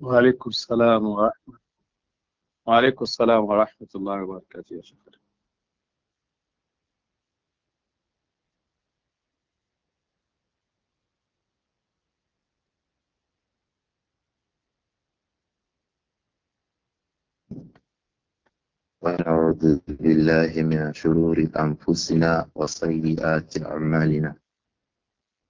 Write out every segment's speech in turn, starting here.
وعليكم السلام ورحمة وعليكم السلام ورحمة الله وبركاته يا شيخ ونعوذ بالله من شرور أنفسنا وسيئات أعمالنا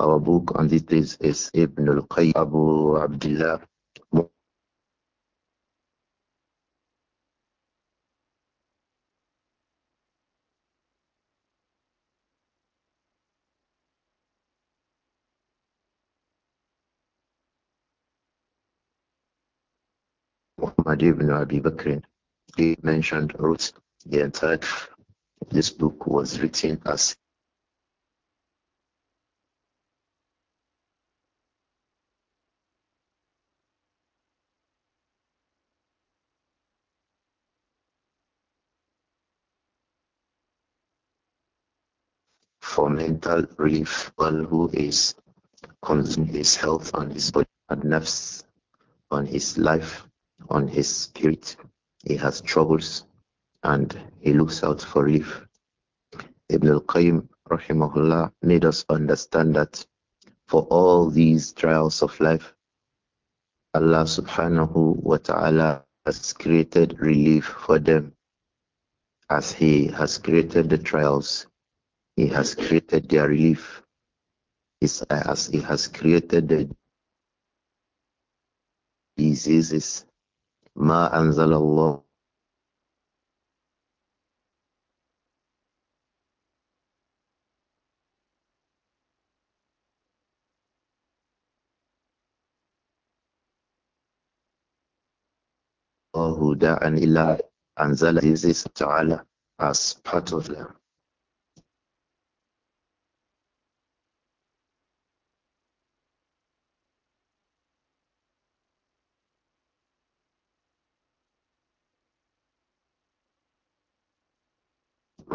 Our book on these days is Ibn al-Qayyim Abu Abdullah Muhammad ibn Abi Bakr, he mentioned roots. The entire this book was written as for mental relief, one who is consumed his health on his body and nerves, on his life, on his spirit. He has troubles and he looks out for relief. Ibn al-Qayyim rahimahullah made us understand that for all these trials of life, Allah subhanahu wa ta'ala has created relief for them as he has created the trials he has created their relief. He has, he has created the diseases. Ma anzalallah. الله داء إلا أنزل diseases تعالى as part of them.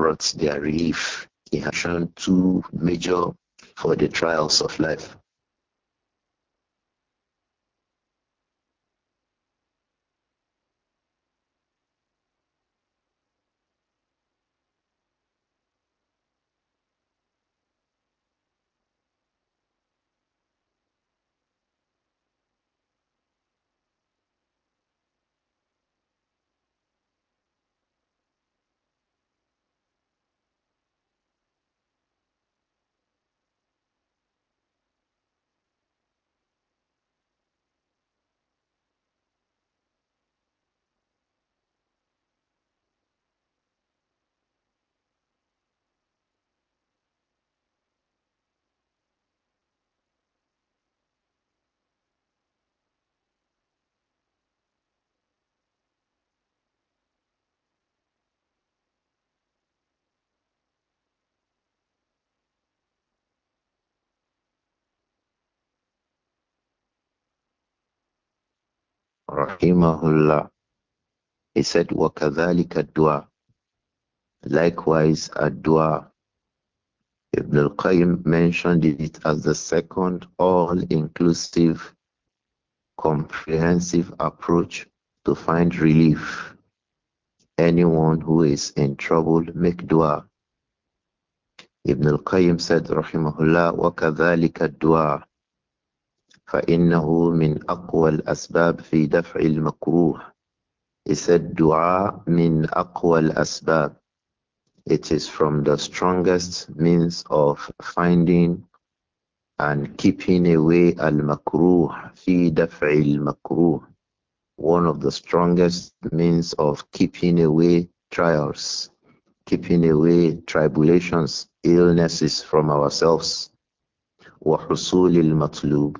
brought their relief. He has shown two major for the trials of life. rahimahullah, he said, وَكَذَلِكَ الدُّعَى Likewise, a dua. Ibn al-Qayyim mentioned it as the second all-inclusive, comprehensive approach to find relief. Anyone who is in trouble, make dua. Ibn al-Qayyim said, Rahimahullah, وَكَذَلِكَ الدُّعَى فإنه من أقوى الأسباب في دفع المكروه He said dua min أقوى الأسباب It is from the strongest means of finding and keeping away al-makruh fi daf'il makruh one of the strongest means of keeping away trials keeping away tribulations illnesses from ourselves wa husul al-matlub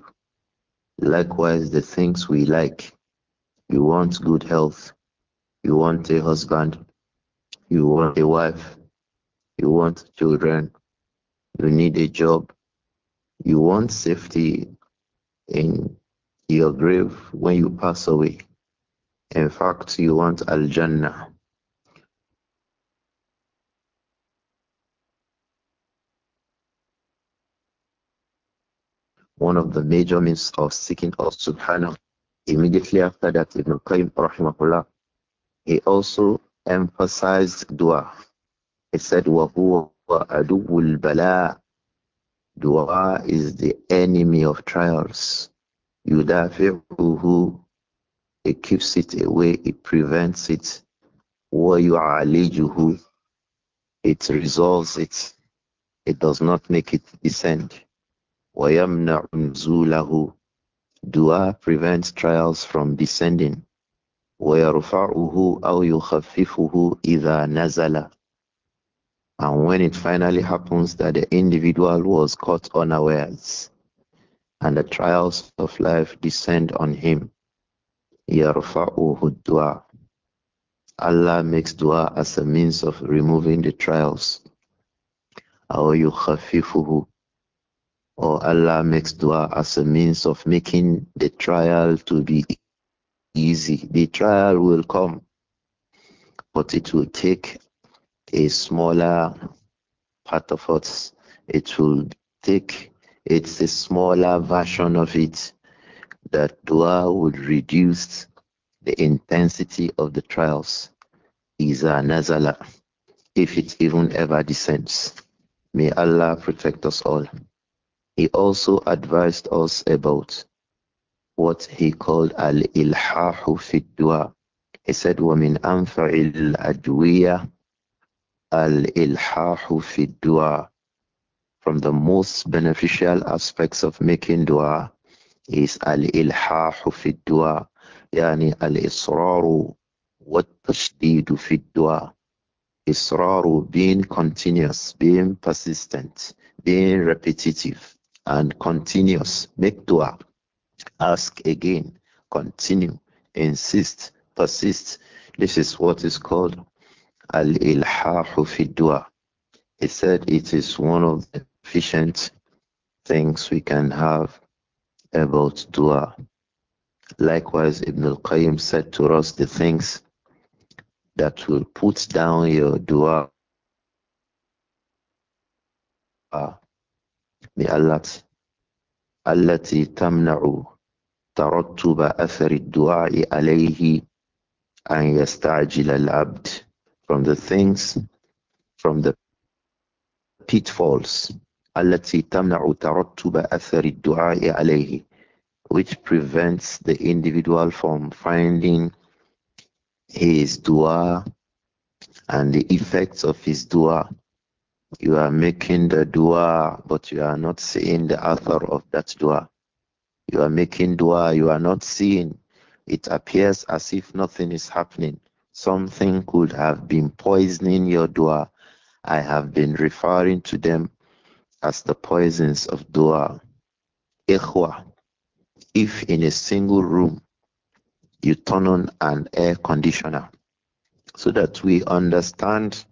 Likewise, the things we like. You want good health. You want a husband. You want a wife. You want children. You need a job. You want safety in your grave when you pass away. In fact, you want Al Jannah. one of the major means of seeking of Subhanahu. Immediately after that, Ibn Qayyim rahimahullah, he also emphasized dua. He said, وَهُوَ أَدُوُّ bala Dua is the enemy of trials. يُدَافِعُهُ It keeps it away, it prevents it. وَيُعَالِجُهُ It resolves it. It does not make it descend. Dua prevents trials from descending. وَيَرْفَعُهُ أَوْ يُخَفِّفُهُ إِذَا نَزَلَ And when it finally happens that the individual was caught unawares and the trials of life descend on him, يَرْفَعُهُ dua. Allah makes dua as a means of removing the trials. أَوْ يُخَفِّفُهُ or Allah makes dua as a means of making the trial to be easy. The trial will come, but it will take a smaller part of us. It will take, it's a smaller version of it. That dua would reduce the intensity of the trials. a nazala, if it even ever descends. May Allah protect us all. He also advised us about what he called al-ilhahu fi dua. He said, وَمِنْ adwiya, الْأَدْوِيَةِ al-ilhahu fi dua. From the most beneficial aspects of making dua is al-ilhahu fi dua, yani al-israru والتشديد في dua إصرار being continuous being persistent being repetitive and continuous. Make dua. Ask again. Continue. Insist. Persist. This is what is called al ilhahu fi dua. He said it is one of the efficient things we can have about dua. Likewise, Ibn al Qayyim said to us the things that will put down your dua the Allah التي تمنع ترتب أثر الدعاء عليه أن يستعجل العبد from the things from the pitfalls التي تمنع ترتب أثر الدعاء عليه which prevents the individual from finding his dua and the effects of his dua you are making the dua, but you are not seeing the author of that dua. You are making dua, you are not seeing. It appears as if nothing is happening. Something could have been poisoning your dua. I have been referring to them as the poisons of dua. Ikhwa, if in a single room you turn on an air conditioner so that we understand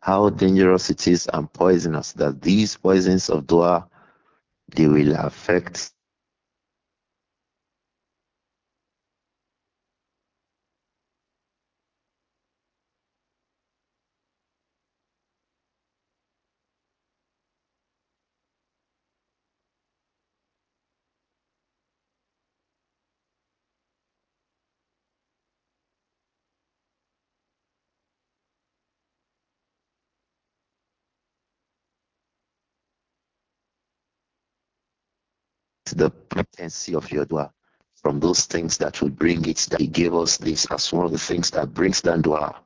how dangerous it is and poisonous that these poisons of dua they will affect the potency of your dua from those things that will bring it that he gave us this as one of the things that brings down dua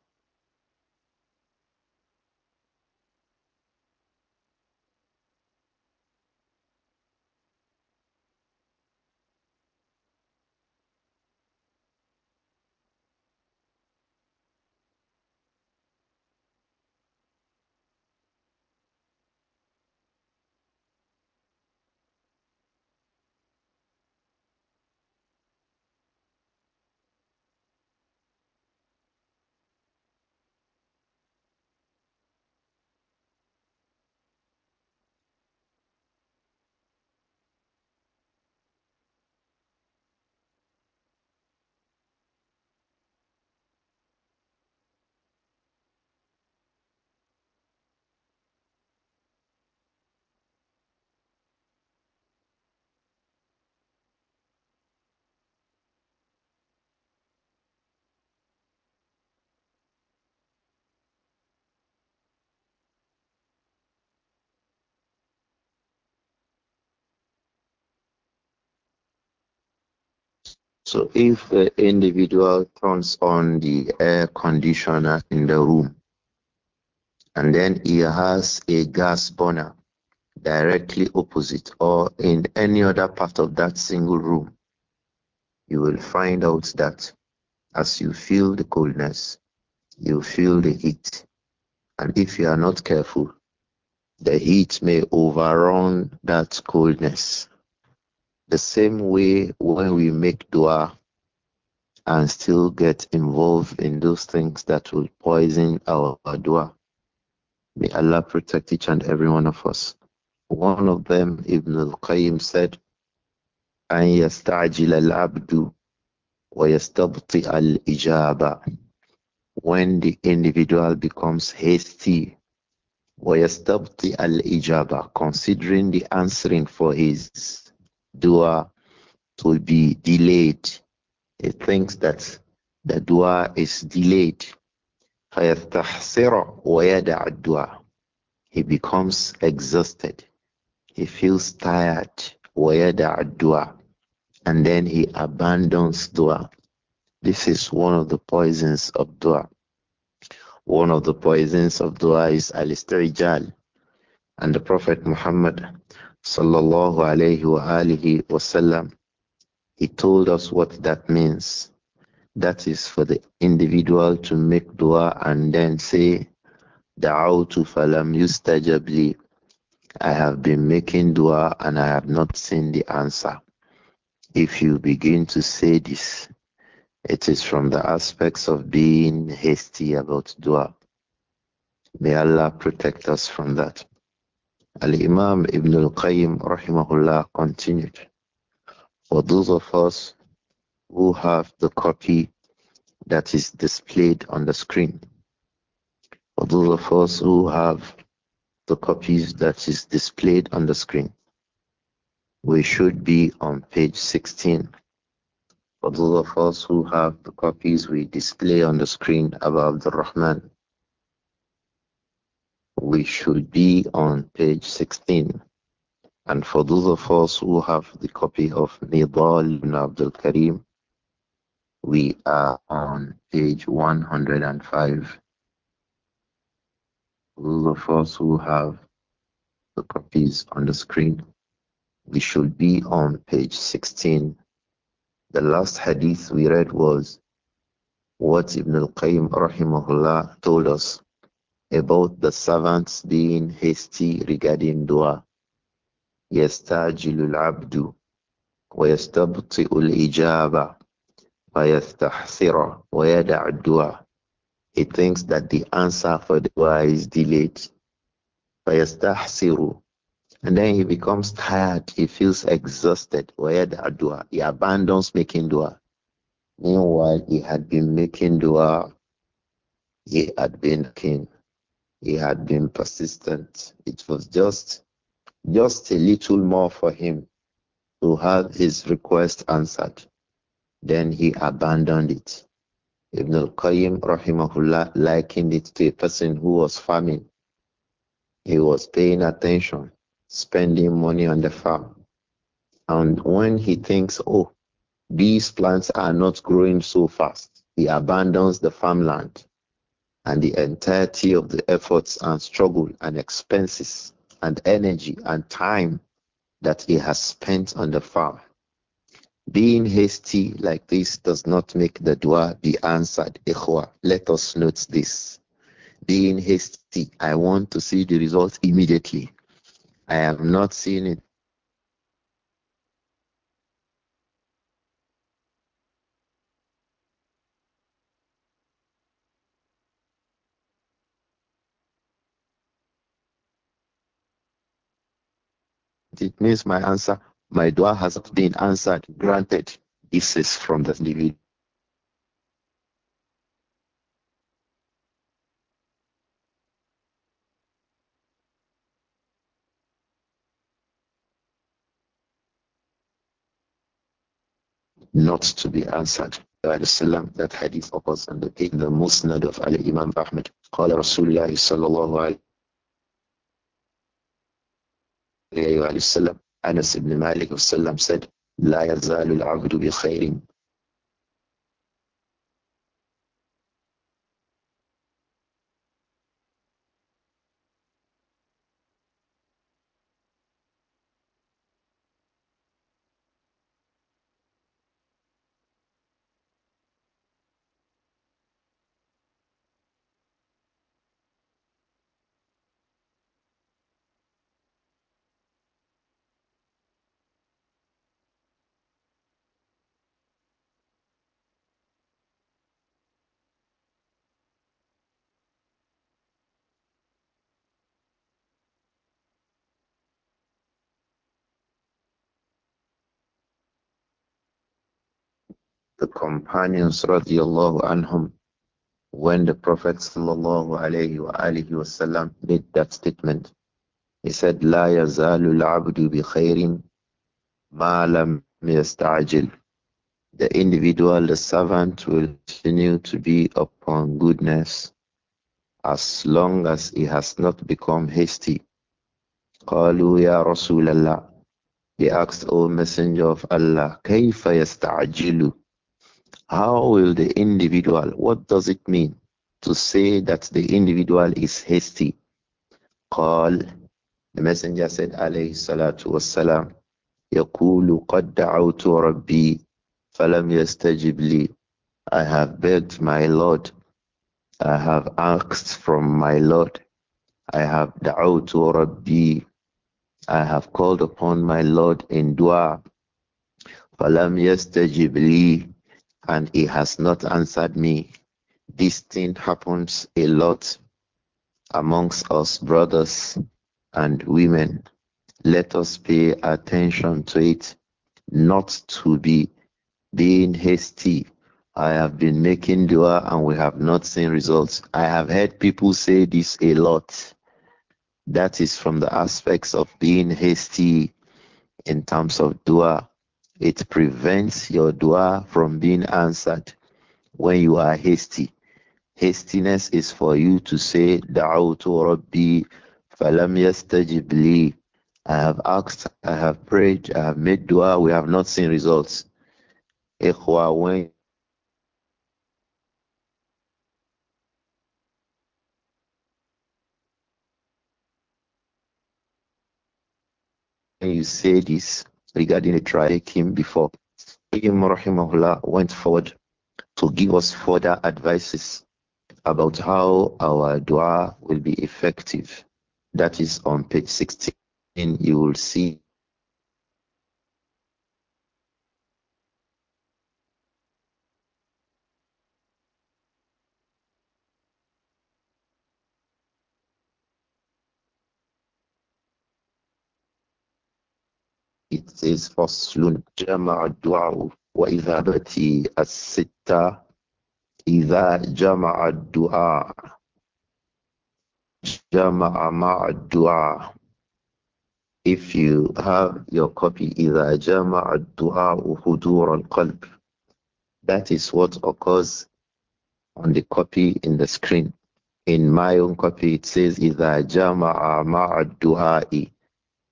So if the individual turns on the air conditioner in the room and then he has a gas burner directly opposite or in any other part of that single room, you will find out that as you feel the coldness, you feel the heat. And if you are not careful, the heat may overrun that coldness. The same way when we make dua and still get involved in those things that will poison our, our dua. May Allah protect each and every one of us. One of them, Ibn al-Qayyim said, al abdu, wa yastabti al ijaba." When the individual becomes hasty, wa yastabti al ijaba, considering the answering for his dua to be delayed. He thinks that the dua is delayed. He becomes exhausted. He feels tired. And then he abandons dua. This is one of the poisons of dua. One of the poisons of dua is al-istirijal. And the Prophet Muhammad sallallahu alayhi wa alihi wasallam, he told us what that means. That is for the individual to make dua and then say, Da'awtu falam yustajabli. I have been making dua and I have not seen the answer. If you begin to say this, it is from the aspects of being hasty about dua. May Allah protect us from that. Al-Imam Ibn al-Qayyim rahimahullah continued, for those of us who have the copy that is displayed on the screen, for those of us who have the copies that is displayed on the screen, we should be on page 16. For those of us who have the copies we display on the screen above the Rahman, we should be on page 16. And for those of us who have the copy of Nidal ibn Abdul Karim, we are on page 105. Those of us who have the copies on the screen, we should be on page 16. The last hadith we read was what Ibn al-Qayyim rahimahullah told us about the servants being hasty regarding dua. يستعجل العبد ويستبطئ الإجابة ويستحسر ويدع الدعاء. He thinks that the answer for the dua is delayed. ويستحسر and then he becomes tired. He feels exhausted. ويدع الدعاء. He abandons making dua. Meanwhile, he had been making dua. He had been king. He had been persistent. It was just just a little more for him to have his request answered. Then he abandoned it. Ibn al-Qayyim rahimahullah likened it to a person who was farming. He was paying attention, spending money on the farm. And when he thinks, oh, these plants are not growing so fast, he abandons the farmland and the entirety of the efforts and struggle and expenses and energy and time that he has spent on the farm. Being hasty like this does not make the dua be answered. Ikhwa, let us note this. Being hasty, I want to see the result immediately. I have not seen it it means my answer, my dua has been answered, granted. This is from the individual. Not to be answered. وسلم that hadith occurs in the, in the Musnad of Ali Imam Ahmed. قال Rasulullah. الله صلى الله عليه عليه وسلم أنس بن مالك وسلم سد لا يزال العبد بخير the companions radiallahu anhum when the Prophet sallallahu alayhi wa alihi wasallam made that statement. He said, لا يزال العبد بخير ما لم يستعجل. The individual, the servant will continue to be upon goodness as long as he has not become hasty. قالوا يا رسول They asked, O Messenger of Allah, كيف يستعجل how will the individual, what does it mean to say that the individual is hasty? Call, the messenger said, alayhi salatu wassalam, يقول قد دعوت ربي فلم يستجب لي I have begged my Lord I have asked from my Lord I have دعوت ربي I have called upon my Lord in dua فلم يستجب لي and he has not answered me. This thing happens a lot amongst us brothers and women. Let us pay attention to it, not to be being hasty. I have been making dua and we have not seen results. I have heard people say this a lot. That is from the aspects of being hasty in terms of dua it prevents your dua from being answered when you are hasty. Hastiness is for you to say, Da'autu Rabbi falam yastajib li. I have asked, I have prayed, I have made dua, we have not seen results. Ikhwa, when you say this, regarding the trial came before. Ibn Rahimahullah went forward to give us further advices about how our dua will be effective. That is on page 16. You will see is Faslun jama'a du'a'u wa idhabati as-sitta idha jama'a du'a jama'a ma'a du'a if you have your copy Iza jama'a du'a hudur al-qalb that is what occurs on the copy in the screen in my own copy it says Iza jama'a ma'a du'a'i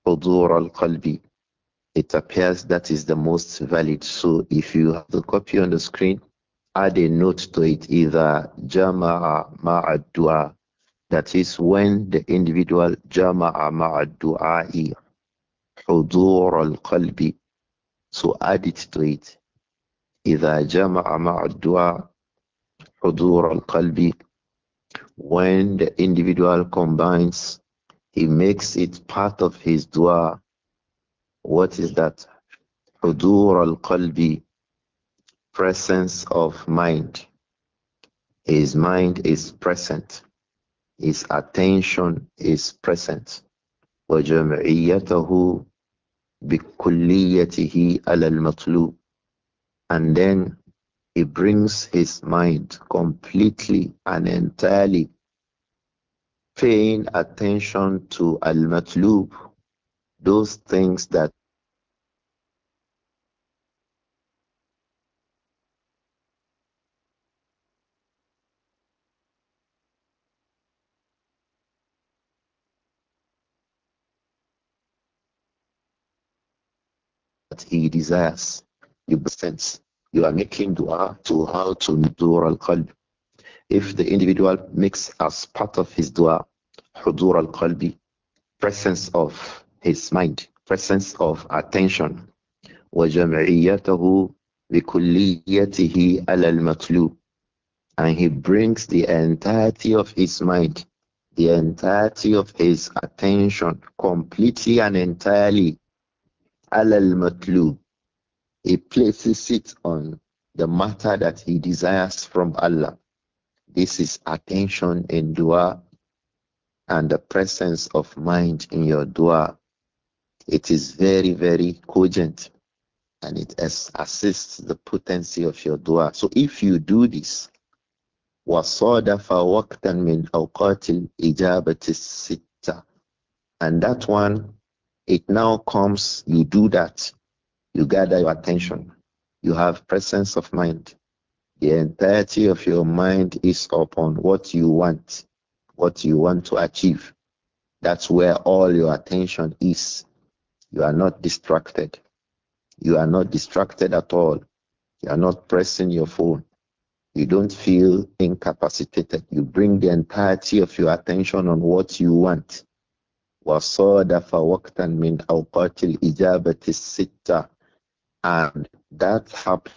hudur al-qalbi it appears that is the most valid. So if you have the copy on the screen, add a note to it either jama'a ma'ad-du'a, that is when the individual jama'a ma'ad-du'a'i hudur al-qalbi. So add it to it. إذا جمع مع Hudur al-Qalbi. when the individual combines he makes it part of his dua what is that? Hudur al qalbi, presence of mind. His mind is present. His attention is present. وجمعيته بكليته على المطلوب. And then he brings his mind completely and entirely paying attention to al-matlub those things that he desires. You sense you are making dua to how to endure al qalb. If the individual makes as part of his dua hudur al qalbi, presence of his mind, presence of attention. وَجَمْعِيَّتَهُ بِكُلِّيَّتِهِ عَلَى الْمَطْلُوبِ And he brings the entirety of his mind, the entirety of his attention, completely and entirely عَلَى الْمَطْلُوبِ He places it on the matter that he desires from Allah. This is attention in dua and the presence of mind in your dua it is very, very cogent and it assists the potency of your dua. So if you do this, وصادف وقتا من أوقات الإجابة الستة and that one it now comes you do that you gather your attention you have presence of mind the entirety of your mind is upon what you want what you want to achieve that's where all your attention is you are not distracted. You are not distracted at all. You are not pressing your phone. You don't feel incapacitated. You bring the entirety of your attention on what you want. وصادف وقتا من and that happened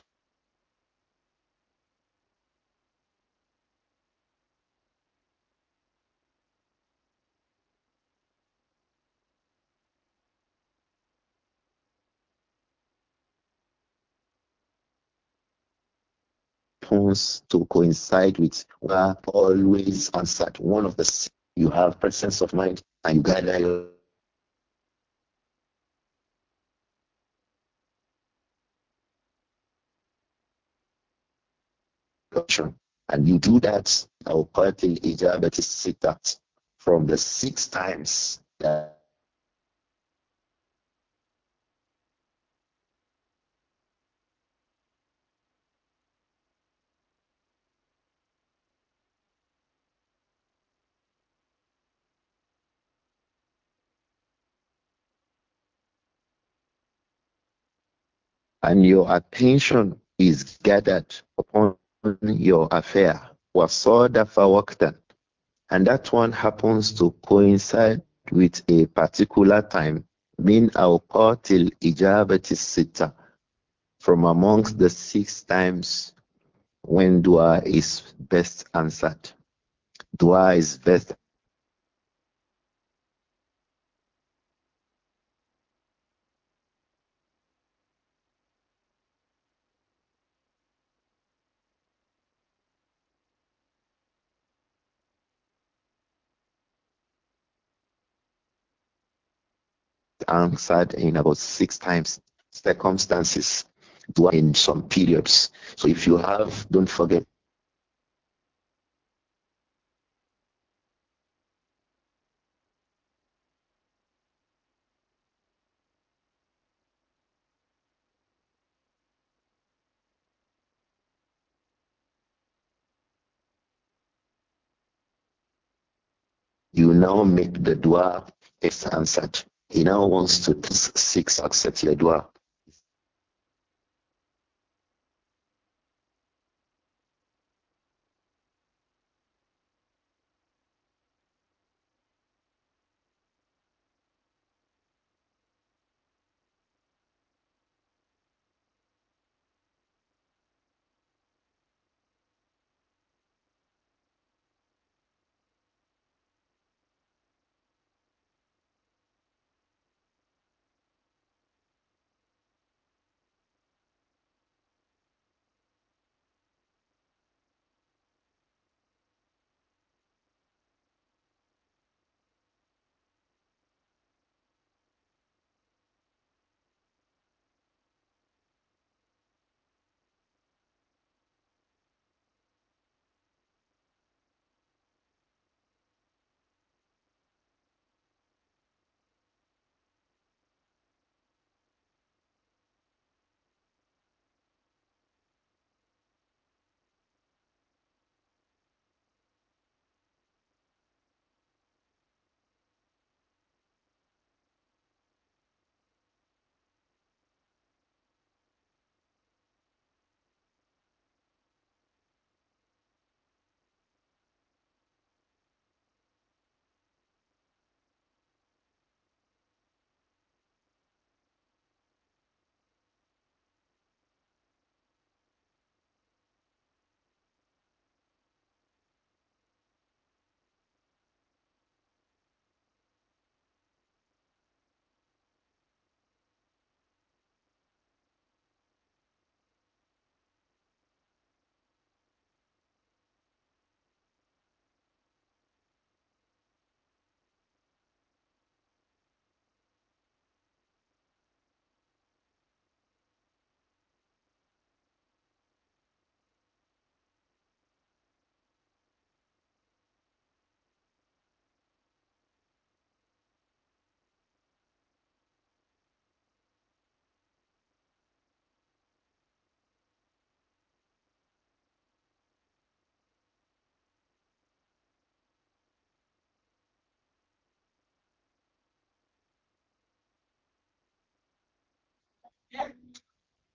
to coincide with we are always answered. One of the you have presence of mind and you gather your and you do that, I'll partly ijab that is sit that from the six times that and your attention is gathered upon your affair. And that one happens to coincide with a particular time, min awqatil ijabati sita, from amongst the six times when dua is best answered. Dua is best answered in about six times circumstances in some periods. So if you have, don't forget you now make the dua is answered. He now wants to seek success, Yadwa.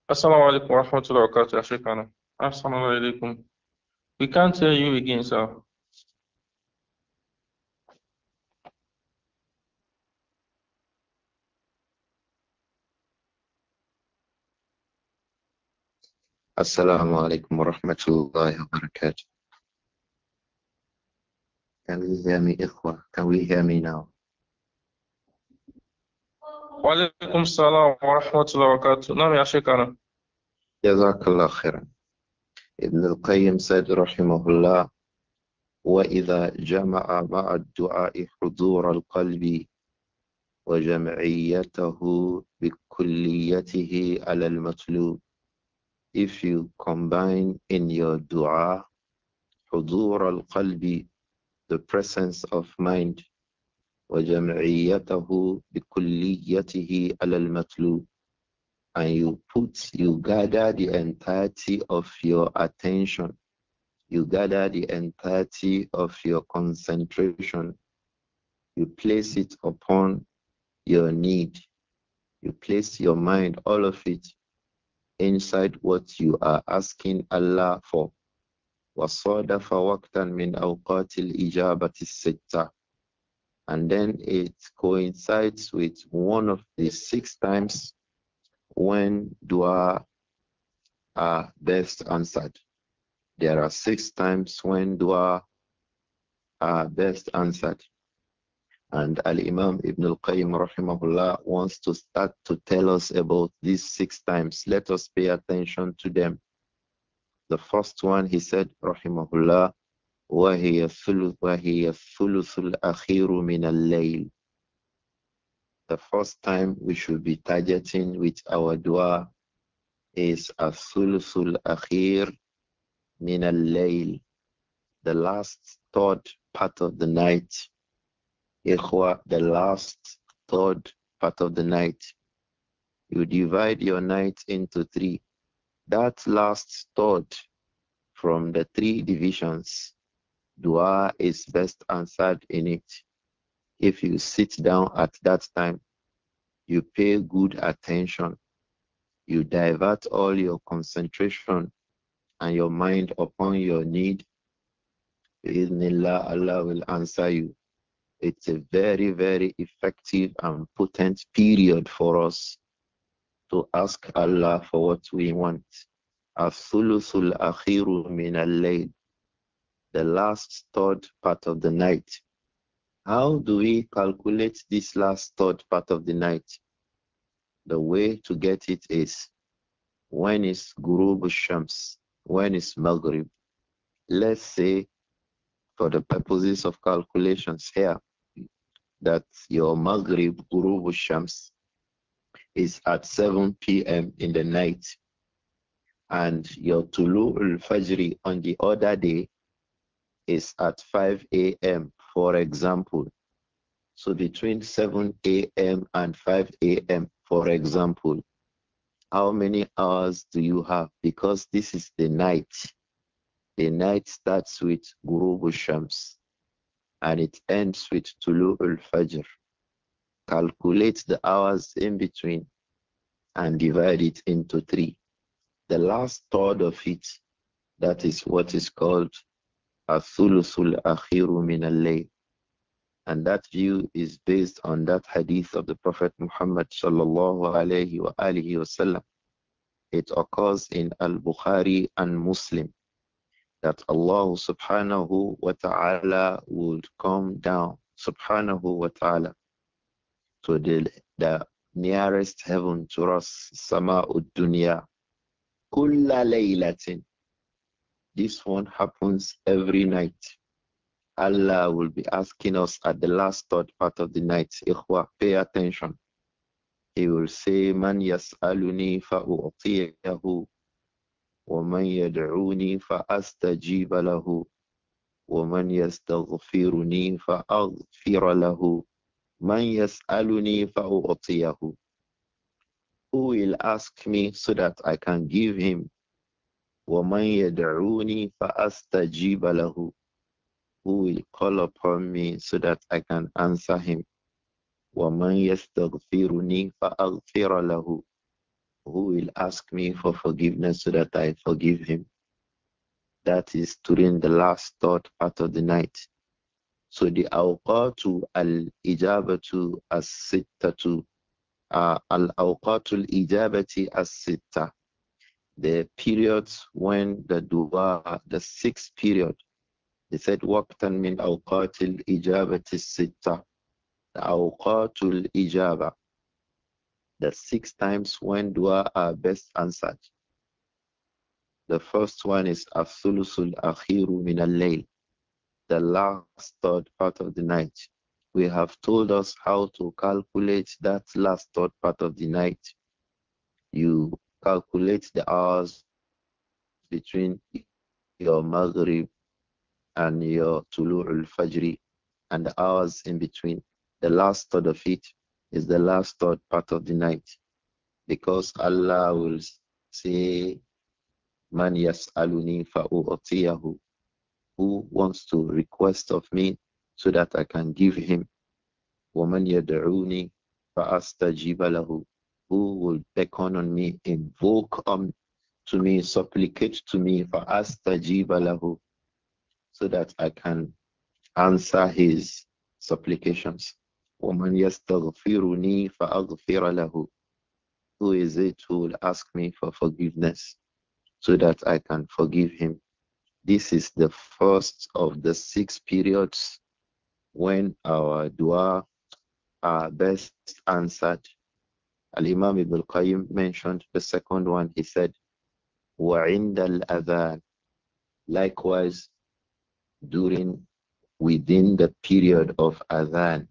Assalamu alaikum wa Assalamu alaikum. We can't hear you again, sir. Assalamu alaikum wa rahmatullahi wa barakatuh. Can we hear me, Ikhwa? Can we hear me now? وعليكم السلام ورحمة الله وبركاته نعم يا أنا جزاك الله خيرا ابن القيم سيد رحمه الله وإذا جمع مع الدعاء حضور القلب وجمعيته بكليته على المطلوب if you combine in your dua حضور القلب the presence of mind وَجَمْعِيَّتَهُ بِكُلِّيَّتِهِ عَلَى الْمَطْلُوبِ And you put, you gather the entirety of your attention. You gather the entirety of your concentration. You place it upon your need. You place your mind, all of it, inside what you are asking Allah for. وصادف وقتا من أوقات الإجابة الستة and then it coincides with one of the six times when dua are best answered. There are six times when dua are best answered. And Al Imam Ibn Al Qayyim rahimahullah wants to start to tell us about these six times. Let us pay attention to them. The first one he said rahimahullah وهي الثلث وهي الثلث الأخير من الليل the first time we should be targeting with our dua is الثلث الأخير من الليل the last third part of the night إخوة the last third part of the night you divide your night into three that last third from the three divisions Dua is best answered in it. If you sit down at that time, you pay good attention, you divert all your concentration and your mind upon your need, Allah will answer you. It's a very, very effective and potent period for us to ask Allah for what we want. As-sulusul akhiru min al the last third part of the night. How do we calculate this last third part of the night? The way to get it is when is Gurub Shams? When is Maghrib? Let's say, for the purposes of calculations here, that your Maghrib Gurub Shams is at 7 p.m. in the night, and your Tulu al Fajri on the other day is at 5 a.m., for example. So between 7 a.m. and 5 a.m., for example, how many hours do you have? Because this is the night. The night starts with Guru Shams and it ends with Tulu al Fajr. Calculate the hours in between and divide it into three. The last third of it, that is what is called Athulusul Akhiru min al And that view is based on that hadith of the Prophet Muhammad sallallahu alayhi wa alihi wasallam. It occurs in Al-Bukhari and Muslim that Allah subhanahu wa ta'ala would come down subhanahu wa ta'ala to the, the nearest heaven to us, Sama'ud Dunya, kulla laylatin this one happens every night. Allah will be asking us at the last third part of the night, Ikhwa, pay attention. He will say, Man yas'aluni fa'u'tiyahu, wa man yad'uni fa'astajiba lahu, wa man yastaghfiruni fa'aghfira lahu, man yas'aluni fa'u'tiyahu. Who will ask me so that I can give him? وَمَنْ يَدْعُونِي فَأَسْتَجِيبَ لَهُ Who will call upon me so that I can answer him? وَمَنْ يَسْتَغْفِرُنِي فَأَغْفِرَ لَهُ Who will ask me for forgiveness so that I forgive him? That is during the last third part of the night. So the awqatu al-ijabatu as-sittatu uh, al-awqatu al-ijabati as-sittah the periods when the dua, the sixth period, he said, وَقْتًا min أَوْقَاتِ الْإِجَابَةِ السِّتَّةِ أَوْقَاتُ ijaba." The six times when dua are best answered. The first one is al-akhiru min al-lail, The last third part of the night. We have told us how to calculate that last third part of the night. You calculate the hours between your Maghrib and your al Fajri and the hours in between. The last third of it is the last third part of the night because Allah will say, Man yas'aluni fa'u'atiyahu who wants to request of me so that I can give him. وَمَنْ يَدْعُونِي فَأَسْتَجِيبَ لَهُ who will beckon on me, invoke on um, to me, supplicate to me for astajibalahu, so that I can answer his supplications. yes, يَسْتَغْفِرُنِي فَأَغْفِرَ لَهُ Who is it who will ask me for forgiveness so that I can forgive him? This is the first of the six periods when our dua are best answered Al Imam Ibn Qayyim mentioned the second one. He said, وعند الأذان likewise during within the period of adhan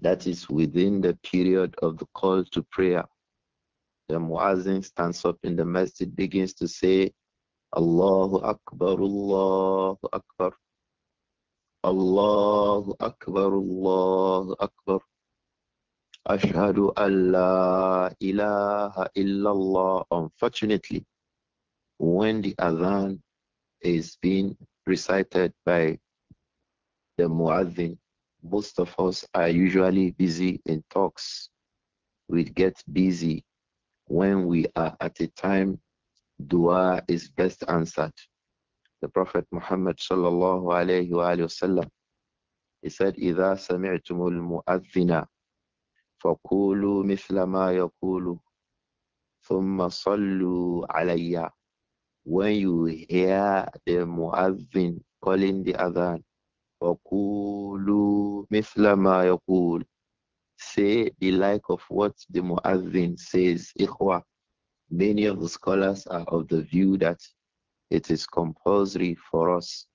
that is within the period of the call to prayer the muazzin stands up in the masjid begins to say allahu akbar allahu akbar allahu akbar allahu akbar Ashhadu Allah ilaha illallah. Unfortunately, when the Adhan is being recited by the Muadhin, most of us are usually busy in talks. We get busy when we are at a time dua is best answered. The Prophet Muhammad sallallahu alayhi wa sallam, he said, إِذَا سَمِعْتُمُ الْمُؤَذِّنَ فقولوا مثل ما يقول ثم صلوا علي when you hear the muazzin calling the adhan فقولوا مثل ما يقول say the like of what the muazzin says إخوة many of the scholars are of the view that it is compulsory for us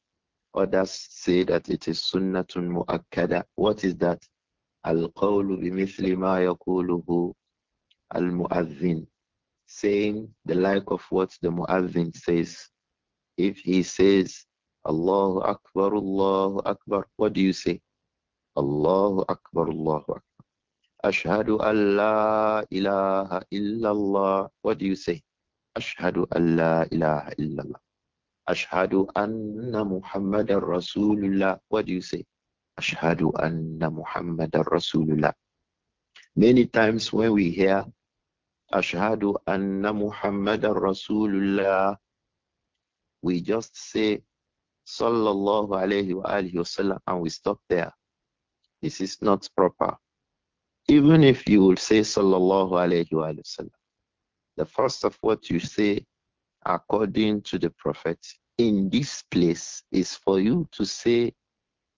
others say that it is sunnatun muakkada what is that Al-Qawlu bimithli ma yakuluhu al-Mu'adhin. Saying the like of what the Mu'adhin says. If he says, Allahu Akbar, Allahu Akbar, what do you say? Allahu Akbar, Allahu Akbar. Ashhadu an la ilaha illallah. What do you say? Ashhadu an la ilaha illallah. Ashhadu anna Muhammadan Rasulullah. What do you say? Ashhadu anna Muhammadan Rasulullah. Many times when we hear Ashhadu anna Muhammadan Rasulullah, we just say Sallallahu alayhi wa wasallam and we stop there. This is not proper. Even if you will say Sallallahu alayhi wa sallam, the first of what you say according to the Prophet in this place is for you to say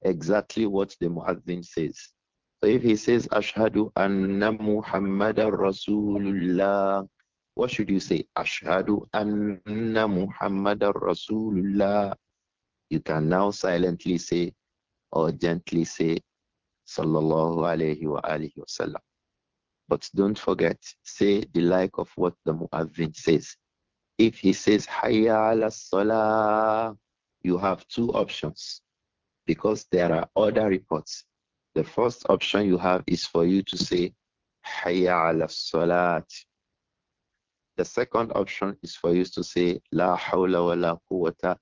exactly what the Muaddin says. So if he says, Ashhadu anna Muhammadan Rasulullah, what should you say? Ashhadu anna Muhammadan Rasulullah. You can now silently say or gently say, Sallallahu Alaihi wa alihi wasallam. But don't forget, say the like of what the Muaddin says. If he says, Hayya ala salah, you have two options because there are other reports. The first option you have is for you to say Hayya ala salat. The second option is for you to say La hawla wa la quwwata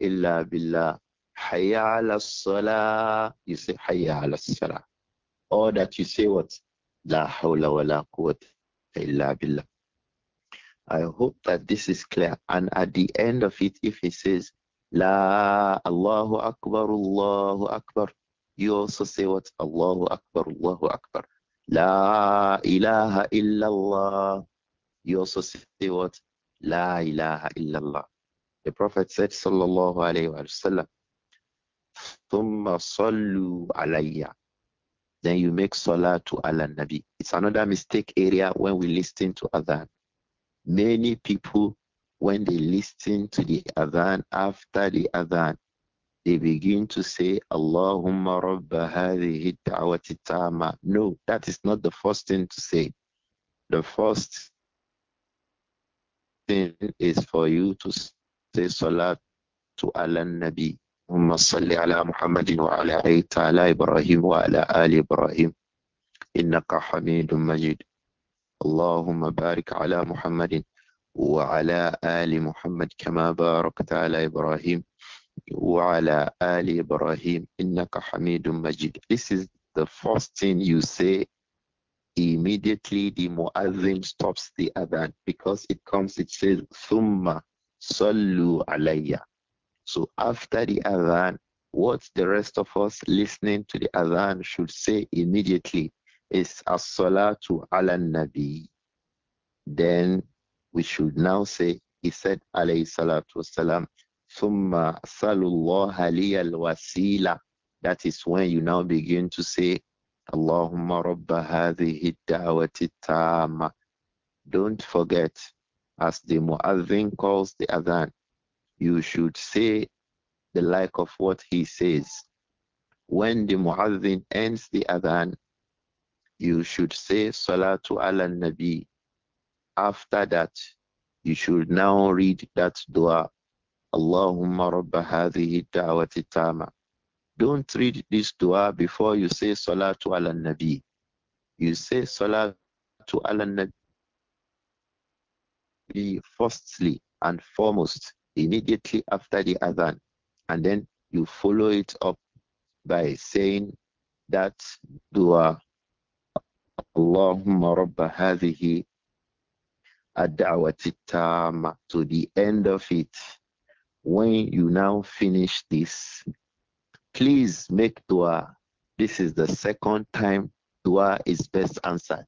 illa billah. Hayya ala salat You say Hayya ala salat Or that you say what? La hawla wa la quwwata illa billah. I hope that this is clear. And at the end of it, if he says La Allahu Akbar, Allahu Akbar. You also say what? Allahu Akbar, Allahu Akbar. La ilaha illallah. You also say what? La ilaha illallah. The Prophet said, Sallallahu Alaihi Wasallam, Thumma sallu alayya. Then you make salah to Allah Nabi. It's another mistake area when we listen to Adhan. Many people when they listen to the adhan after the adhan they begin to say, Allahumma rabba hadhihi da'wati ta'ama. No, that is not the first thing to say. The first thing is for you to say salat to Allah Nabi. Umma salli ala Muhammadin wa ala ayta ala Ibrahim wa ala ali Ibrahim. Innaka hamidun majid. Allahumma barik ala Muhammadin. وعلى آل محمد كما باركت على إبراهيم وعلى آل إبراهيم إنك حميد مجيد This is the first thing you say immediately the muazzin stops the adhan because it comes it says thumma sallu alayya so after the adhan what the rest of us listening to the adhan should say immediately is as-salatu ala nabi then we should now say, he said, alayhi salatu wasalam, thumma salullaha liyal wasila. That is when you now begin to say, Allahumma rabba hadhihi da'wati tamma. Don't forget, as the mu'adhin calls the adhan, you should say the like of what he says. When the mu'adhin ends the adhan, you should say salatu ala nabi after that, you should now read that dua. Allahumma rabba hadhihi da'wati tama. Don't read this dua before you say salatu ala nabi. You say salatu ala nabi firstly and foremost immediately after the adhan. And then you follow it up by saying that dua Allahumma rabba hadhihi Adawatitama to the end of it. When you now finish this, please make dua. This is the second time dua is best answered.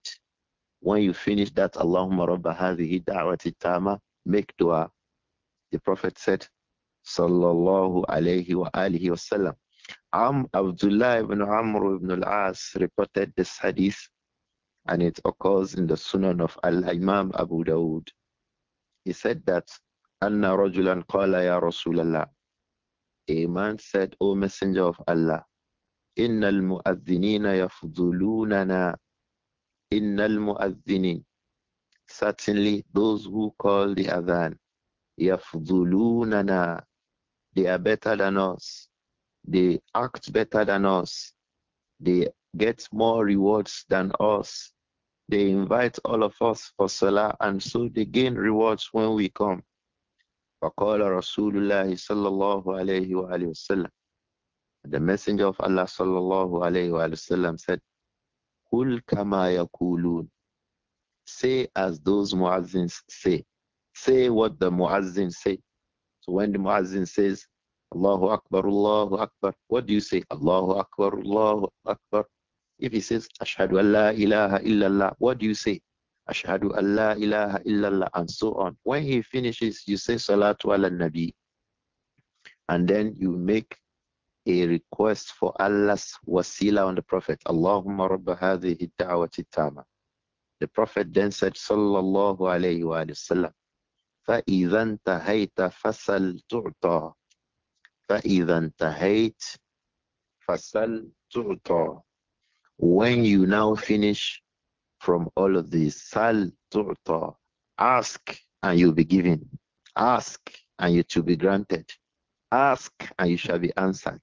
When you finish that, Allahumma rabba hadhihi da'wati tama, make dua. The Prophet said, sallallahu alayhi wa alihi wa sallam. Am Abdullah ibn Amr ibn al-As reported this hadith and it occurs in the Sunan of Al Imam Abu Dawud. He said that Anna Rajulan Qala Ya Rasulallah. A man said, O Messenger of Allah, Inna al Mu'adhinina Yafudulunana. Inna al Mu'adhinin. Certainly those who call the Adhan, Yafudulunana. They are better than us. They act better than us. They get more rewards than us. They invite all of us for Salah, and so they gain rewards when we come. رسول الله صلى الله عليه وآله وسلم The messenger of Allah صلى الله عليه وآله وسلم said قل كما يقولون Say as those muazzins say. Say what the muazzins say. So when the muazzin says Allahu Akbar, Allahu Akbar, what do you say? Allahu Akbar, Allahu Akbar. If he says, Ashhadu Allah ilaha illallah, what do you say? Ashhadu Allah ilaha illallah, and so on. When he finishes, you say Salatu ala Nabi. And then you make a request for Allah's wasila on the Prophet. Allahumma rabba hadhihi da'wati tama. The Prophet then said, Sallallahu alayhi wa sallam, فَإِذَا انْتَهَيْتَ فَسَلْ تُعْطَى فَإِذَا انْتَهَيْتَ فَسَلْ تُعْطَى when you now finish from all of this, sal tu'ta, ask and you'll be given. Ask and it will be granted. Ask and you shall be answered.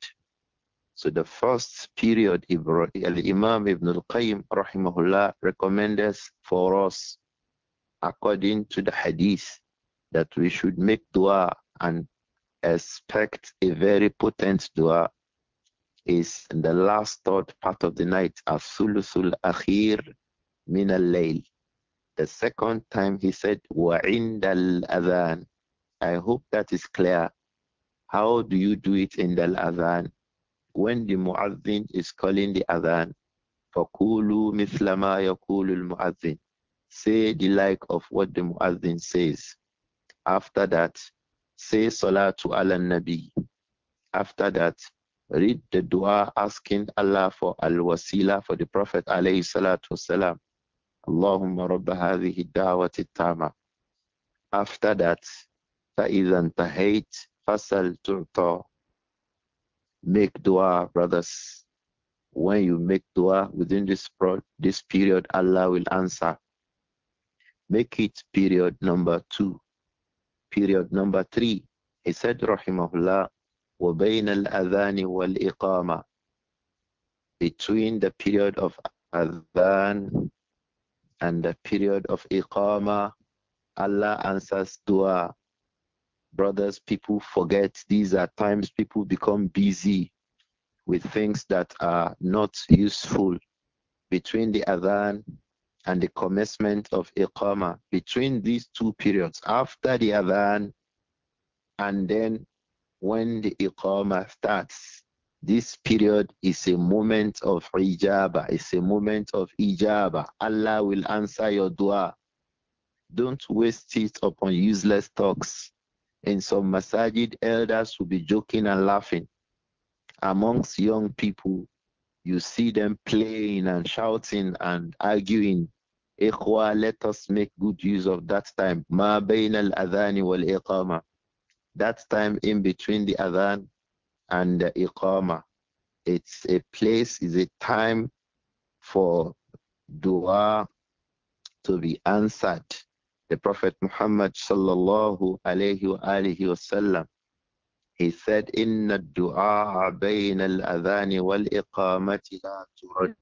So the first period, imam Ibn Al-Qayyim rahimahullah recommends for us, according to the hadith, that we should make dua and expect a very potent dua is the last third part of the night, Asulusul Akhir min al Layl. The second time he said, Wa indal adhan. I hope that is clear. How do you do it in the adhan? When the Mu'adhin is calling the adhan, fakulu مِثْلَ مَا يَقُولُ Say the like of what the Mu'adhin says. After that, say salatu ala nabi. After that, read the dua asking Allah for al-wasila for the Prophet alayhi salatu wasalam. Allahumma rabba hadhihi da'wati tama. After that, فَإِذَا انْتَهَيْتْ fasal تُعْطَى Make dua, brothers. When you make dua within this, pro- this period, Allah will answer. Make it period number two. Period number three. He said, Rahimahullah, وبين الأذان والإقامة between the period of adhan and the period of iqama Allah answers dua brothers people forget these are times people become busy with things that are not useful between the adhan and the commencement of iqama between these two periods after the adhan and then when the Iqama starts, this period is a moment of ijaba. It's a moment of ijaba. Allah will answer your dua. Don't waste it upon useless talks. In some masajid, elders will be joking and laughing. Amongst young people, you see them playing and shouting and arguing. Ikhwa, let us make good use of that time. Ma bayna al-adhani wal Iqama. That time in between the adhan and the iqama, it's a place, is a time for dua to be answered. The Prophet Muhammad sallallahu alayhi wa alihi wasallam, he said, "Inna du'a bayn al-adhan wal iqamati la dua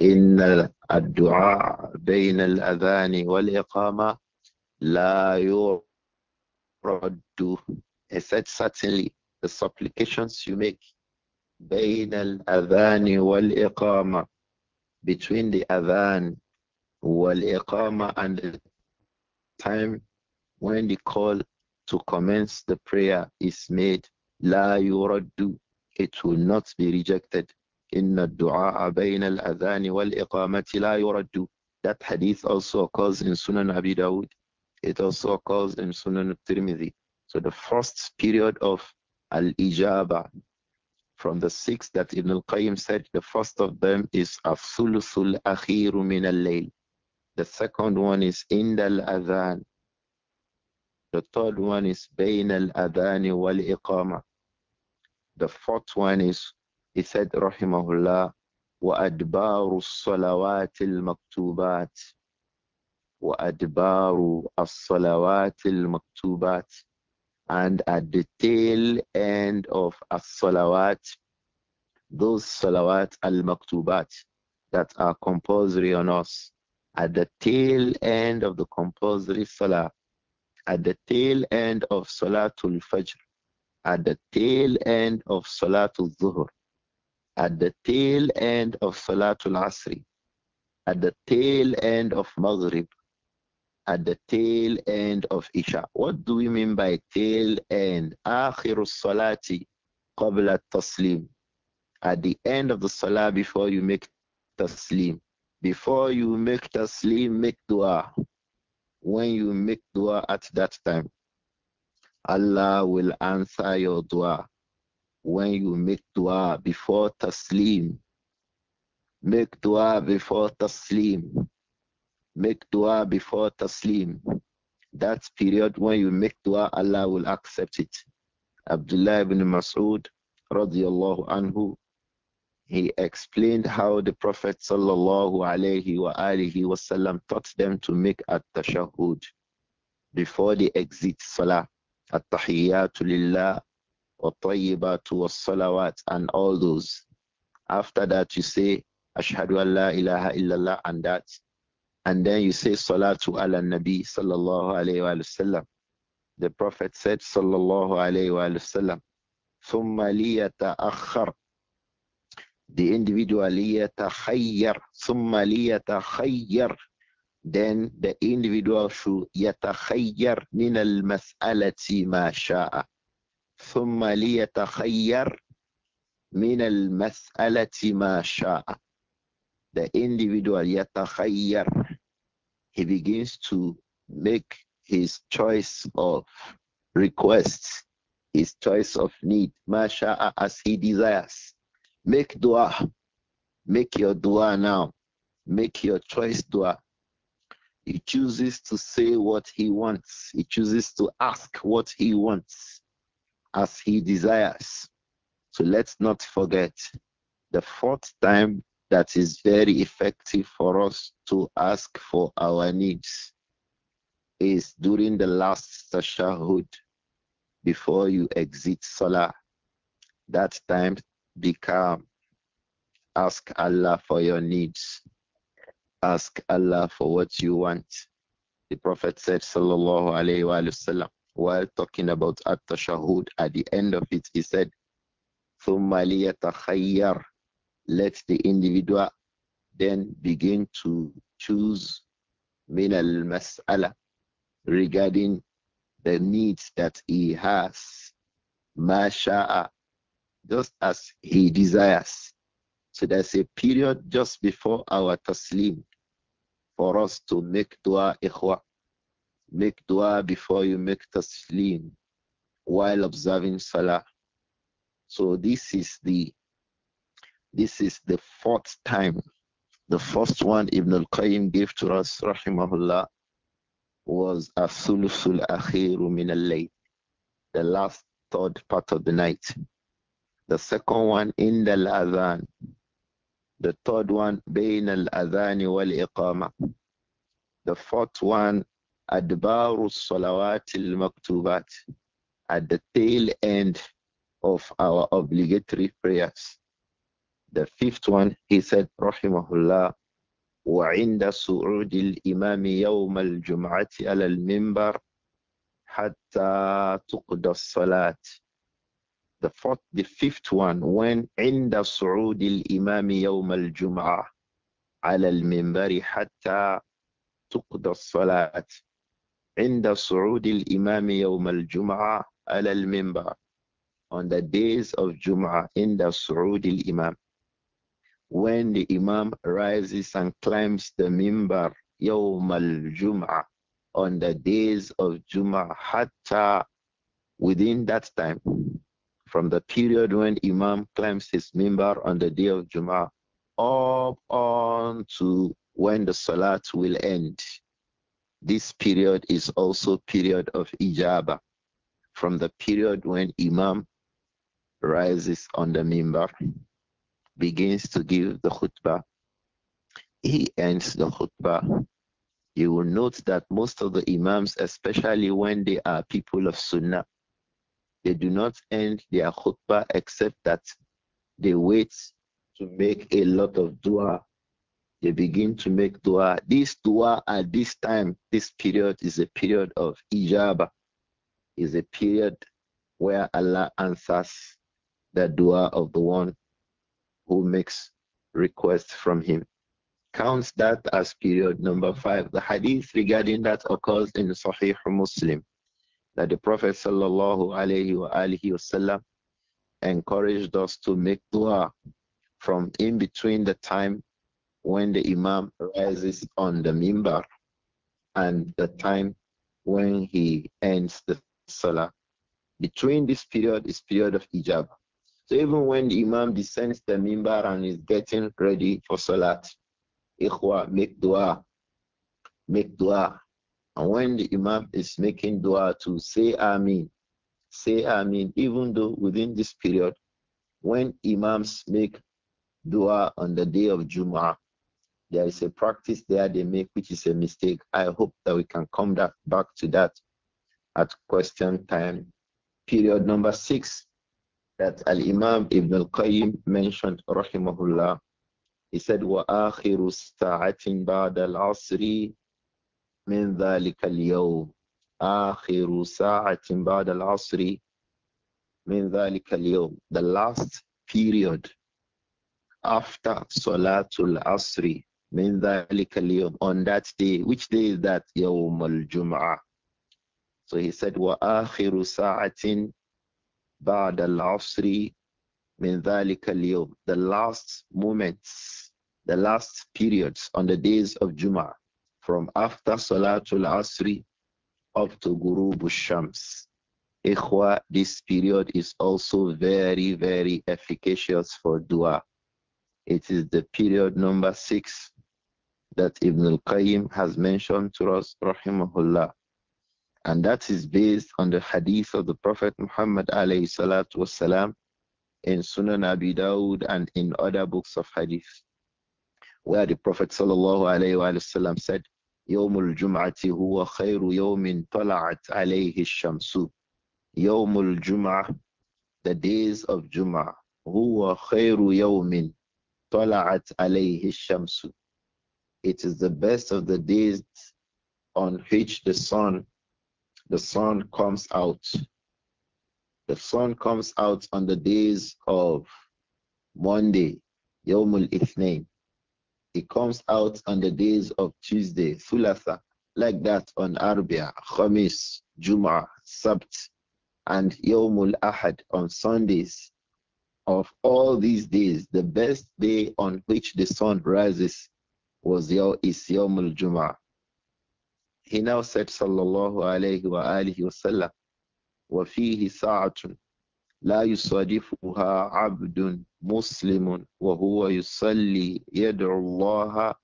إن al-adhan wal-iqama la يرد do. He said, certainly, the supplications you make بين الأذان والإقامة between the adhan wal and the time when the call to commence the prayer is made la yuraddu it will not be rejected inna du'a bayna al-adhan wal-iqamati la yuraddu that hadith also occurs in sunan abi Dawud it also occurs in Sunan al-Tirmidhi. So the first period of al-ijaba, from the six that Ibn al-Qayyim said, the first of them is afsulusul akhiru min al-layl. The second one is indal adhan. The third one is ba'in al-adhan wal iqama. The fourth one is, he said, rahimahullah, wa adbaru al maktubat. وأدبار الصلوات المكتوبات and at the tail end of as-salawat those salawat al-maktubat that are compulsory on us at the tail end of the compulsory salah at the tail end of salatul fajr at the tail end of salatul zuhr at the tail end of salatul asri at the tail end of maghrib at the tail end of Isha. What do we mean by tail end? Akhiru salati qabla taslim. At the end of the salah before you make taslim. Before you make taslim, make dua. When you make dua at that time, Allah will answer your dua. When you make dua before taslim, make dua before taslim Make dua before taslim. That period when you make dua, Allah will accept it. Abdullah ibn Mas'ud radiallahu anhu, he explained how the Prophet sallallahu alayhi wa alihi wasallam taught them to make at-tashahhud before they exit salah. At-tahiyyatu lillah wa tayyibatu wa salawat and all those. After that you say, Ashhadu an la ilaha illallah and that and then you say Salatu ala Nabi sallallahu alayhi wa sallam. The Prophet said sallallahu alayhi wa sallam, Thumma The individual liyata'khayyar. Thumma liyata'khayyar. Then the individual should yatakhayyar min al-mas'alati ma sha'a. individual ليتخير من المسألة ما شاء the individual yatakhayyar, he begins to make his choice of requests, his choice of need, masha'a as he desires. Make dua. Make your dua now. Make your choice dua. He chooses to say what he wants. He chooses to ask what he wants as he desires. So let's not forget the fourth time that is very effective for us to ask for our needs is during the last tashahud before you exit salah. That time, be calm. Ask Allah for your needs. Ask Allah for what you want. The Prophet said, Sallallahu Alaihi Wasallam, while talking about at tashahud, at the end of it, he said, ثم ليتخير let the individual then begin to choose min al mas'ala regarding the needs that he has masha'a just as he desires so there's a period just before our taslim for us to make dua ikhwa make dua before you make taslim while observing salah so this is the this is the fourth time. The first one Ibn al-Qayyim gave to us, rahimahullah, was Asulusul Akhiru min al the last third part of the night. The second one in the Adhan. The third one Bain al Adhan wal Iqama. The fourth one Adbaru Salawat al Maktubat at the tail end of our obligatory prayers. The fifth one, he said, Rahimahullah, وعند صعود الإمام يوم الجمعة على المنبر حتى تقضى الصلاة. The fourth, the fifth one, when عند صعود الإمام يوم الجمعة على المنبر حتى تقضى الصلاة. عند صعود الإمام يوم الجمعة على المنبر. On the days of Jum'ah, عند صعود الإمام when the Imam rises and climbs the mimbar Yawm al Jum'ah on the days of Jum'ah Hatta within that time from the period when Imam climbs his mimbar on the day of Jum'ah up on to when the Salat will end. This period is also period of Ijaba from the period when Imam rises on the mimbar begins to give the khutbah, he ends the khutbah. You will note that most of the imams, especially when they are people of sunnah, they do not end their khutbah except that they wait to make a lot of dua. They begin to make dua. This dua at this time, this period is a period of ijaba, is a period where Allah answers the dua of the one who makes requests from him. Counts that as period number five. The hadith regarding that occurs in Sahih Muslim that the Prophet sallallahu alaihi wasallam encouraged us to make dua from in between the time when the Imam rises on the mimbar and the time when he ends the salah. Between this period is period of ijab. So even when the Imam descends the mimbar and is getting ready for Salat, Ikhwa, make dua, make dua. And when the Imam is making dua to say amin, say amin. even though within this period, when Imams make dua on the day of Jum'ah, there is a practice there they make which is a mistake. I hope that we can come back to that at question time. Period number six that Al Imam Ibn Al Qayyim mentioned, rahimahullah. He said, "Wa akhiru sa'atin ba'da al-asri min ذلك اليوم آخر ساعة بعد العصر من ذلك اليوم the last period after Salatul Asri من ذلك اليوم on that day which day is that يوم الجمعة so he said وآخر ساعة بعد the last three اليوم the last moments the last periods on the days of Jum'ah from after Salatul Asri up to Guru Bushams. Ikhwa, this period is also very, very efficacious for dua. It is the period number six that Ibn al-Qayyim has mentioned to us, rahimahullah. And that is based on the hadith of the Prophet Muhammad والسلام, in Sunan Abi Dawud and in other books of hadith, where the Prophet وسلم, said, يوم الجمعة هو خير يوم طلعت عليه الشمس يوم الجمعة the days of Jum'ah هو خير يوم طلعت عليه الشمس it is the best of the days on which the sun the sun comes out. The sun comes out on the days of Monday, Yomul Ithnain. It comes out on the days of Tuesday, Thulatha, like that on Arbia, Khamis, Juma, Sabt, and Yomul Ahad on Sundays. Of all these days, the best day on which the sun rises was Yomul Juma, he now said, Sallallahu alayhi wa alihi wasallam, وَفِيهِ sa'atun, la يُصَادِفُهَا عَبْدٌ مُسْلِمٌ وَهُوَ يُصَلِّي yadu Allah,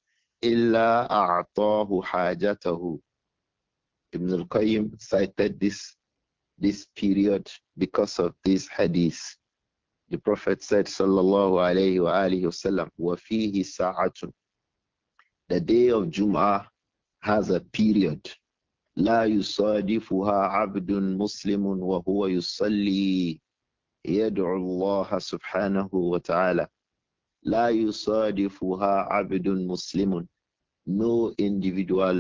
illa أَعْطَاهُ hajatahu." Ibn al-Qayyim cited this, this period because of this hadith. The Prophet said, Sallallahu alayhi wa alihi wasallam, fihi sa'atun." The day of Jum'ah has a period. لا يصادفها عبد مسلم وهو يصلي يدعو الله سبحانه وتعالى لا يصادفها عبد مسلم no individual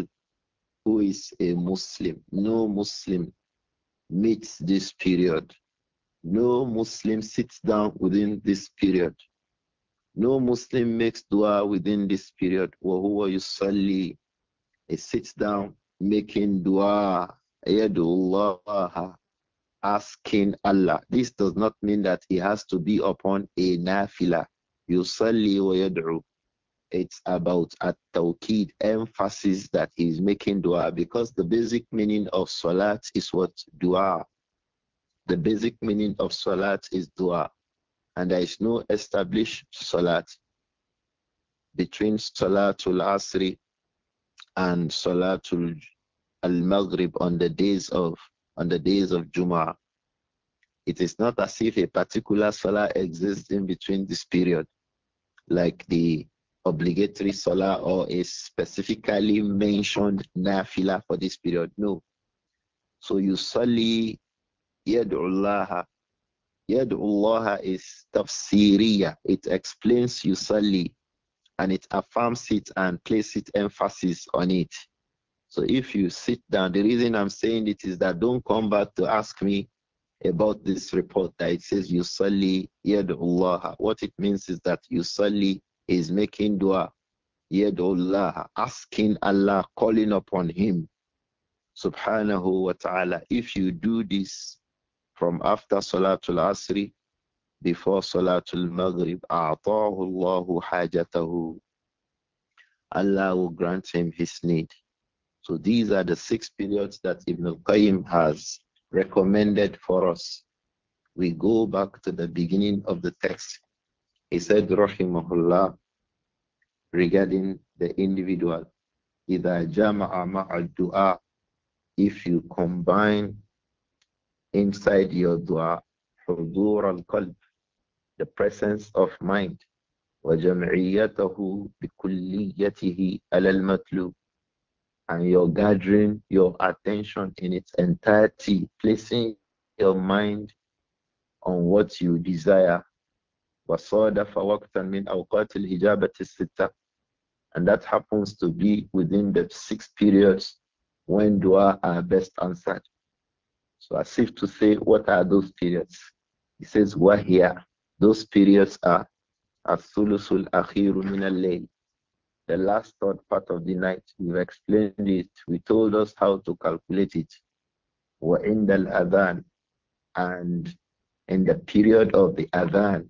who is a Muslim no Muslim meets this period no Muslim sits down within this period no Muslim makes dua within this period وهو يصلي he sits down making dua, yadullah, asking Allah. This does not mean that he has to be upon a nafila. Yusalli wa yad'u. It's about a tawqid emphasis that he is making dua because the basic meaning of salat is what dua. The basic meaning of salat is dua. And there is no established salat between salatul asri and Salatul al-Maghrib on the days of on the days of Jum'ah. It is not as if a particular salah exists in between this period, like the obligatory salah or a specifically mentioned nafila for this period. No. So you sali yad'ullaha. Yad'ullaha is tafsiriya. It explains you sali and it affirms it and places emphasis on it. So if you sit down, the reason I'm saying it is that don't come back to ask me about this report that it says you Yusalli Yadullah. What it means is that you Yusalli is making dua Yadullah, asking Allah, calling upon Him. Subhanahu wa ta'ala. If you do this from after Salatul Asri before Salatul Maghrib, Allah will grant him his need. So these are the six periods that Ibn al-Qayyim has recommended for us. We go back to the beginning of the text. He said, Rahimahullah, regarding the individual, إِذَا جَمَعَ مَعَ الدُّعَى If you combine inside your dua, حضور القلب the presence of mind وجمعيته بكليته على المطلوب and you're gathering your attention in its entirety placing your mind on what you desire وصادف وقتا من أوقات and that happens to be within the six periods when dua are best answered so as if to say what are those periods he says here. Those periods are As-Sulusul Akhiru Minal the last third part of the night. We've explained it. We told us how to calculate it. وَعِنْدَ Adhan And in the period of the Adhan,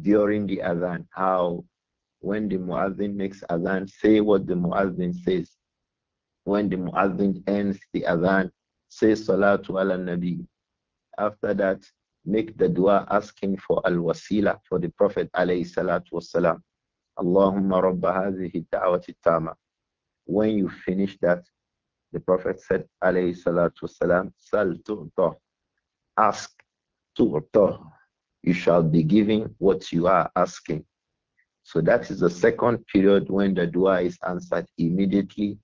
during the Adhan, how when the Muazzin makes Adhan, say what the Muazzin says. When the Muazzin ends the Adhan, say Salatu ala Nabi. After that, make the dua asking for al-wasila for the Prophet alayhi salatu wasalam. Allahumma rabba hadhihi da'wati tama. When you finish that, the Prophet said alayhi salatu wasalam, sal tu'ta. Ask tu'ta. You shall be given what you are asking. So that is the second period when the dua is answered immediately.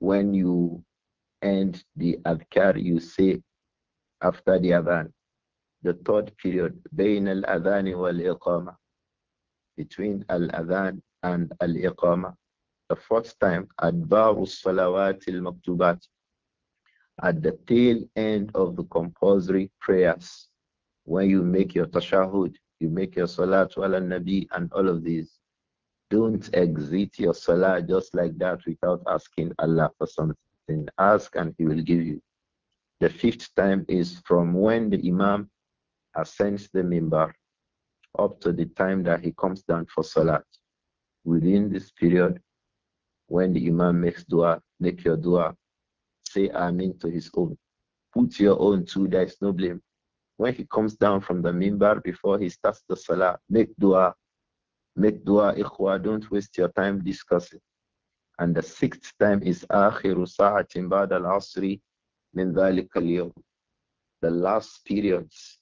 When you end the adhkar, you say after the adhan, the third period, بين الأذان والإقامة, between Al-Adhan and al Iqama, The fourth time, أدبار الصلوات maktubat at the tail end of the compulsory prayers, when you make your tashahud, you make your Salat ala nabi and all of these. Don't exit your salah just like that without asking Allah for something. Ask and He will give you. The fifth time is from when the Imam ascends the mimbar up to the time that he comes down for salat. Within this period, when the imam makes dua, make your dua, say amin to his own. Put your own too, there is no blame. When he comes down from the mimbar before he starts the salah, make dua, make dua, ikhwa, don't waste your time discussing. And the sixth time is akhiru sa'atin ba'da al-asri min dhalika al The last periods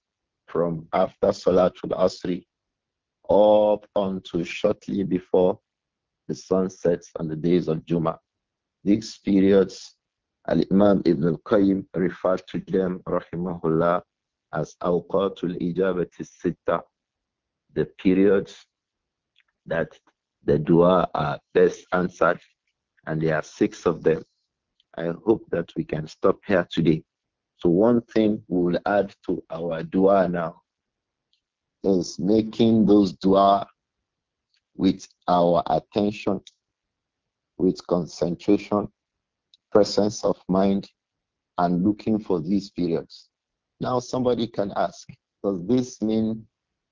from after Salatul Asri up until shortly before the sun sets on the days of Juma. These periods, Al Imam Ibn Al Qayyim referred to them, rahimahullah, as Awqatul Ijabati Sitta, the periods that the dua are best answered, and there are six of them. I hope that we can stop here today. So one thing we will add to our dua now is making those dua with our attention, with concentration, presence of mind, and looking for these periods. Now somebody can ask, does this mean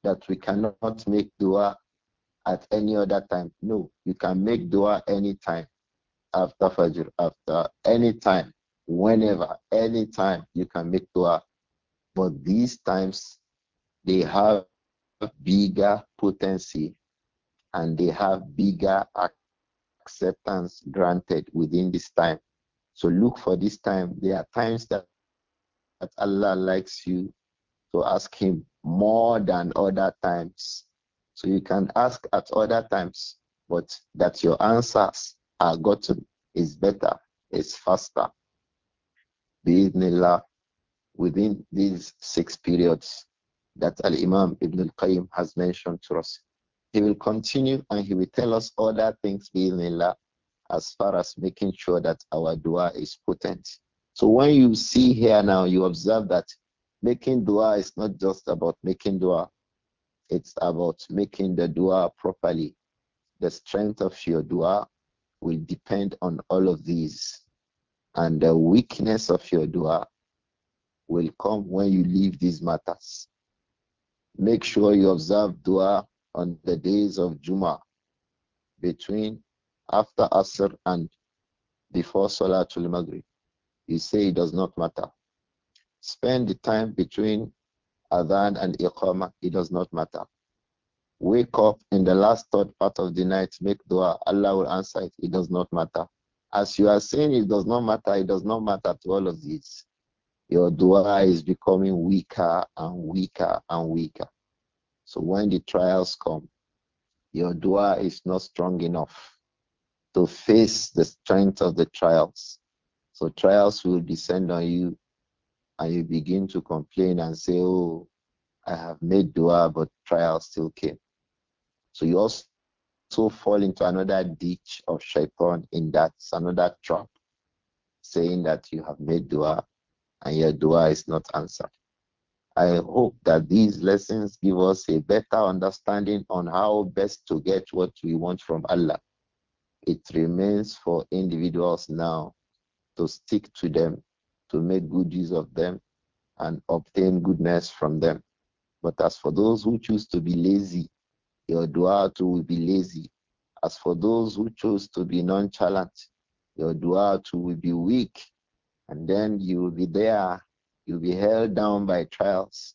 that we cannot make dua at any other time? No, you can make dua anytime after Fajr, after any time whenever, anytime you can make dua. But these times, they have bigger potency and they have bigger acceptance granted within this time. So look for this time. There are times that, that Allah likes you to ask Him more than other times. So you can ask at other times, but that your answers are gotten is better, is faster bi'idhnillah, within these six periods that Al-Imam Ibn al-Qayyim has mentioned to us. He will continue and he will tell us other things bi'idhnillah as far as making sure that our dua is potent. So when you see here now, you observe that making dua is not just about making dua. It's about making the dua properly. The strength of your dua will depend on all of these and the weakness of your dua will come when you leave these matters. Make sure you observe dua on the days of Juma between after Asr and before Salatul Maghrib. You say it does not matter. Spend the time between Adhan and Iqamah, it does not matter. Wake up in the last third part of the night, make dua, Allah will answer it, it does not matter. As you are saying, it does not matter, it does not matter to all of this. Your dua is becoming weaker and weaker and weaker. So when the trials come, your dua is not strong enough to face the strength of the trials. So trials will descend on you and you begin to complain and say, Oh, I have made dua, but trials still came. So you also also fall into another ditch of shaitan in that another trap, saying that you have made dua and your dua is not answered. I hope that these lessons give us a better understanding on how best to get what we want from Allah. It remains for individuals now to stick to them, to make good use of them, and obtain goodness from them. But as for those who choose to be lazy your dua will be lazy. As for those who chose to be nonchalant, your dua will be weak. And then you will be there. You'll be held down by trials.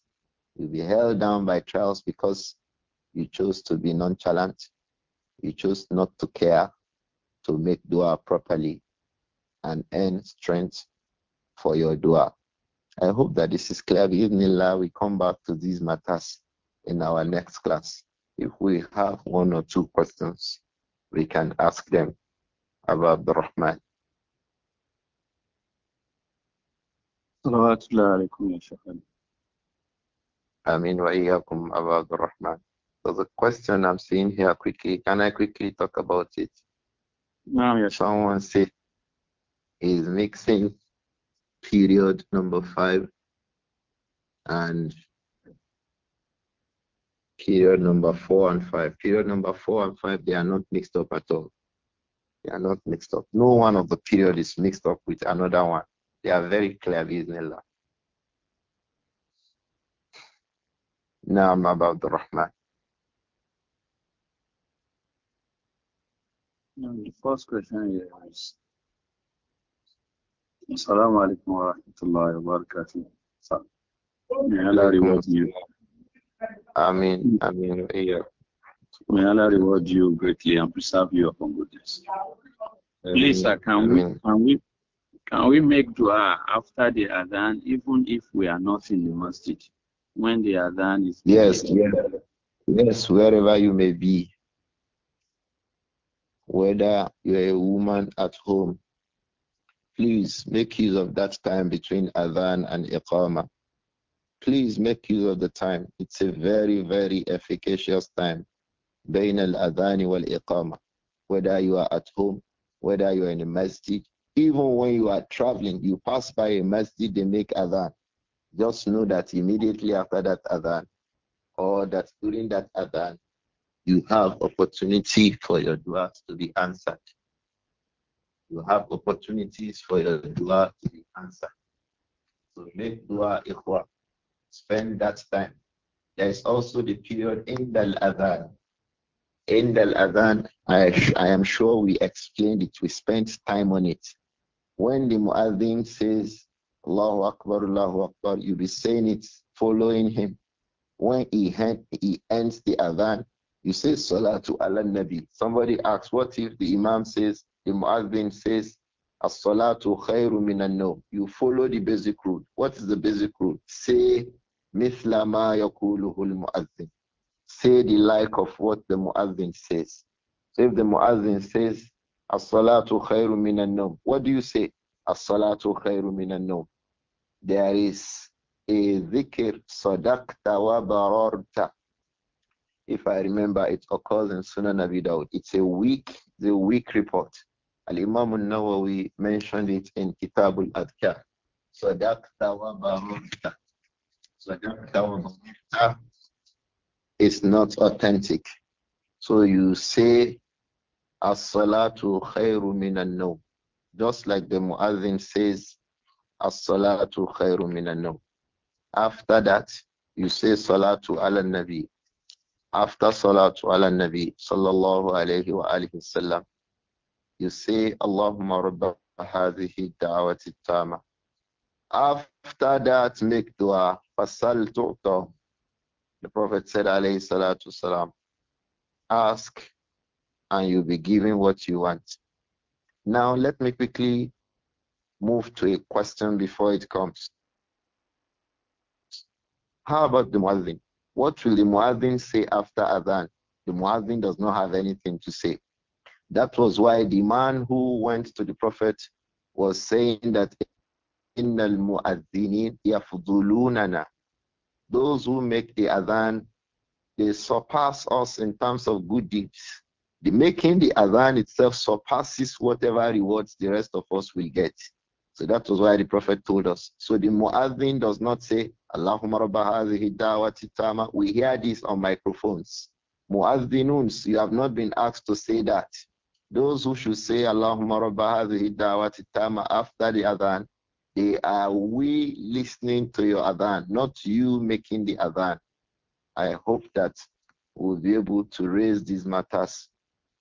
You'll be held down by trials because you chose to be nonchalant. You chose not to care to make dua properly and earn strength for your dua. I hope that this is clear. Bismillah, we come back to these matters in our next class. If we have one or two questions, we can ask them about the Rahman. صلوات الله عليكم يا شيخنا. آمين So the question I'm seeing here quickly, can I quickly talk about it? No, Someone said is mixing period number five and period number four and five. Period number four and five, they are not mixed up at all. They are not mixed up. No one of the period is mixed up with another one. They are very clear, Bismillah. Now I'm about the Rahman. The first question is Assalamu alaikum wa rahmatullahi wa barakatuh. May Allah reward you. I mean, I mean, yeah. May Allah reward you greatly and preserve you upon goodness. Please, can we can we can we make dua after the adhan, even if we are not in the masjid, when the adhan is? Yes, yes, yes. Wherever you may be, whether you're a woman at home, please make use of that time between adhan and iqama please make use of the time. It's a very, very efficacious time. Bain al adhan wal iqama. Whether you are at home, whether you are in a masjid, even when you are traveling, you pass by a masjid, they make adhan. Just know that immediately after that adhan, or that during that adhan, you have opportunity for your Duas to be answered. You have opportunities for your dua to be answered. So make dua ikhwa spend that time. There is also the period in the adhan. In the adhan, I, I am sure we explained it. We spent time on it. When the muazzin says Allahu Akbar, Allahu Akbar, you be saying it, following him. When he, he ends the adhan, you say Salatu Allah Nabi. Somebody asks, what if the Imam says, the Muazzin says, As-salatu khairu minan no. You follow the basic rule. What is the basic rule? Say مثل ما يقوله المؤذن say the like of what the muazzin says so if the muazzin says as-salatu khairu minan nawm what do you say as-salatu khairu minan nawm there is a dhikr sadaqta wa bararta if I remember, it occurs in Sunan Abi Dawud. It's a weak, the weak report. Al Imam al Nawawi mentioned it in Kitab al Adkar. Sadaqta wa bararta is not authentic. So you say, As-salatu khairu minan no. Just like the Muazzin says, As-salatu khairu minan no. After that, you say Salatu ala Nabi. After Salatu ala Nabi, sallallahu alayhi wa alihi wasallam, you say, Allahumma rabba hadhihi da'wati tama. After that, make dua. Fasal tu'ta. The Prophet said, alayhi salatu salam, ask and you'll be given what you want. Now, let me quickly move to a question before it comes. How about the muadhin? What will the muadhin say after adhan? The muadhin does not have anything to say. That was why the man who went to the Prophet was saying that those who make the adhan, they surpass us in terms of good deeds. The making the adhan itself surpasses whatever rewards the rest of us will get. So that was why the Prophet told us. So the Mu'adhin does not say, Allahumma rabba hazihi dawati tama. We hear this on microphones. Mu'adhinuns, you have not been asked to say that. Those who should say, Allahumma rabba hazihi dawati tama after the adhan, they are we listening to your adhan, not you making the adhan. I hope that we'll be able to raise these matters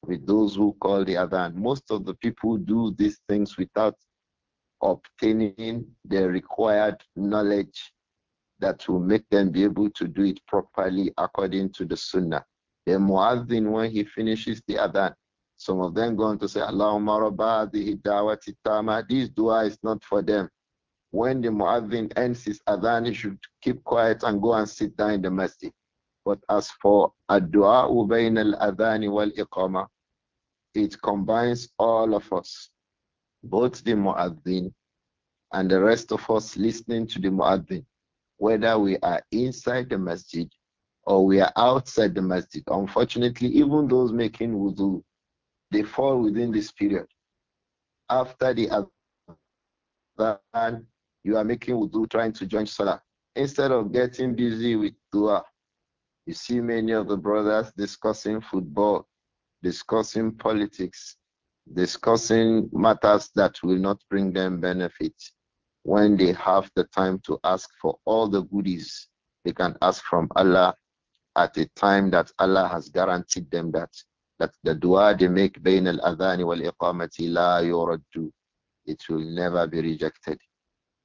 with those who call the adhan. Most of the people do these things without obtaining the required knowledge that will make them be able to do it properly according to the sunnah. The muazzin, when he finishes the adhan, some of them going to say, Allahumma rabba dawati tama. This dua is not for them when the muadhin ends his adhan, he should keep quiet and go and sit down in the masjid. But as for ad-du'a ubayn al-adhan wal-iqama, it combines all of us, both the muadhin and the rest of us listening to the muadhin, whether we are inside the masjid or we are outside the masjid. Unfortunately, even those making wudu, they fall within this period. After the adhan, you are making wudu trying to join salah. Instead of getting busy with dua, you see many of the brothers discussing football, discussing politics, discussing matters that will not bring them benefit when they have the time to ask for all the goodies they can ask from Allah at a time that Allah has guaranteed them that that the dua they make bain al adhan wal iqamati la yuraddu it will never be rejected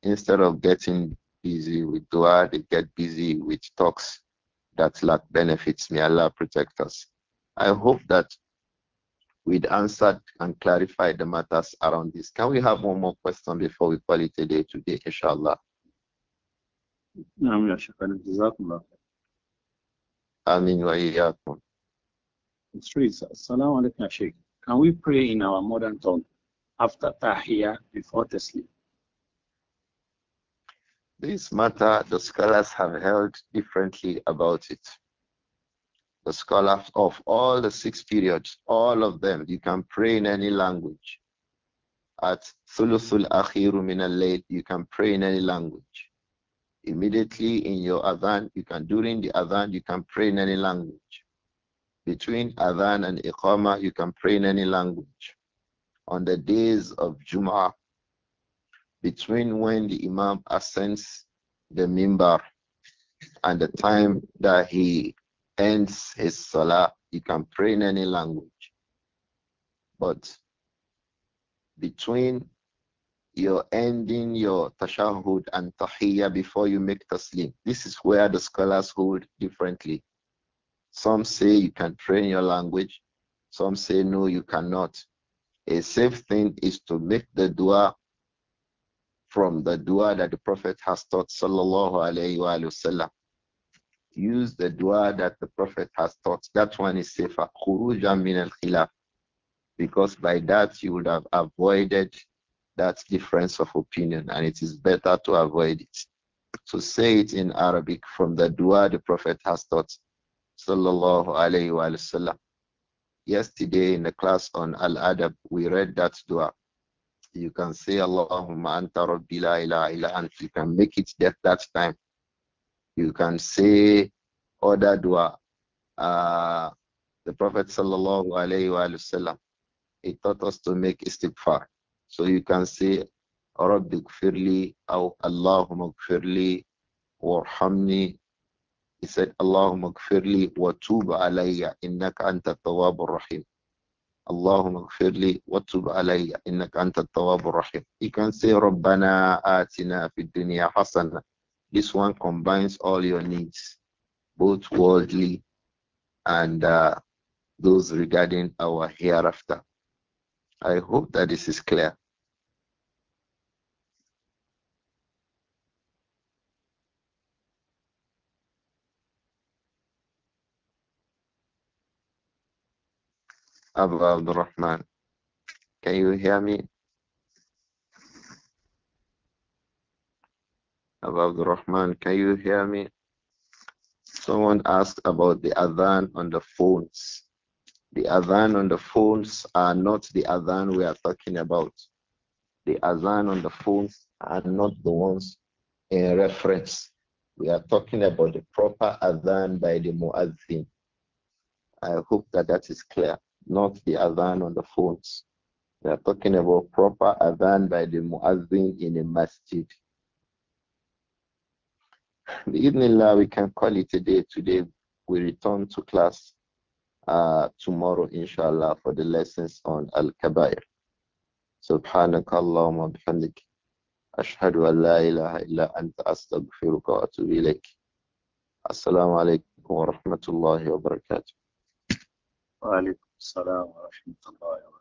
Instead of getting busy with dua, they get busy with talks that lack benefits. May Allah protect us. I hope that we'd answered and clarified the matters around this. Can we have one more question before we call it a day today, inshallah? Assalamu alaikum, Can we pray in our modern tongue after tahiyah before the sleep? This matter, the scholars have held differently about it. The scholars of all the six periods, all of them, you can pray in any language. At Sulusul Akhiru min you can pray in any language. Immediately in your adhan, you can, during the adhan, you can pray in any language. Between adhan and iqama, you can pray in any language. On the days of Jum'ah, between when the Imam ascends the mimbar and the time that he ends his salah, you can pray in any language. But between your ending your tashahud and tahiyya before you make taslim, this is where the scholars hold differently. Some say you can pray in your language, some say no, you cannot. A safe thing is to make the dua from the dua that the Prophet has taught, sallallahu alayhi wa, sallam. Use the dua that the Prophet has taught. That one is safer. Khurujan min al-khilaf. Because by that you would have avoided that difference of opinion, and it is better to avoid it. So say it in Arabic from the dua the Prophet has taught, sallallahu alayhi wa, sallam. Yesterday in the class on Al-Adab, we read that dua you can say Allahumma anta rabbi la ilaha illa ant. You can make it that, that time. You can say other dua. Uh, the Prophet sallallahu alayhi wa sallam, he taught us to make istighfar. So you can say رب اغفر لي أو اللهم اغفر He said اللهم اغفر لي وتوب علي إنك أنت التواب الرحيم Allahumma gfirli wa tub alayya innaka anta tawwabur rahim. You can say Rabbana atina fid dunya hasana. This one combines all your needs, both worldly and uh, those regarding our hereafter. I hope that this is clear. Abu Abdul Rahman. Can you hear me? Abu Abdul Rahman, can you hear me? Someone asked about the adhan on the phones. The adhan on the phones are not the adhan we are talking about. The adhan on the phones are not the ones in reference. We are talking about the proper adhan by the muazzin. I hope that that is clear not the adhan on the phones. We are talking about proper adhan by the muazzin in a masjid. Bismillah, we can call it a day today. We return to class uh, tomorrow, inshallah, for the lessons on Al-Kabair. سبحانك اللهم وبحمدك أشهد أن لا إله إلا أنت أستغفرك وأتوب إليك السلام عليكم ورحمة الله وبركاته وعليكم السلام ورحمة الله وبركاته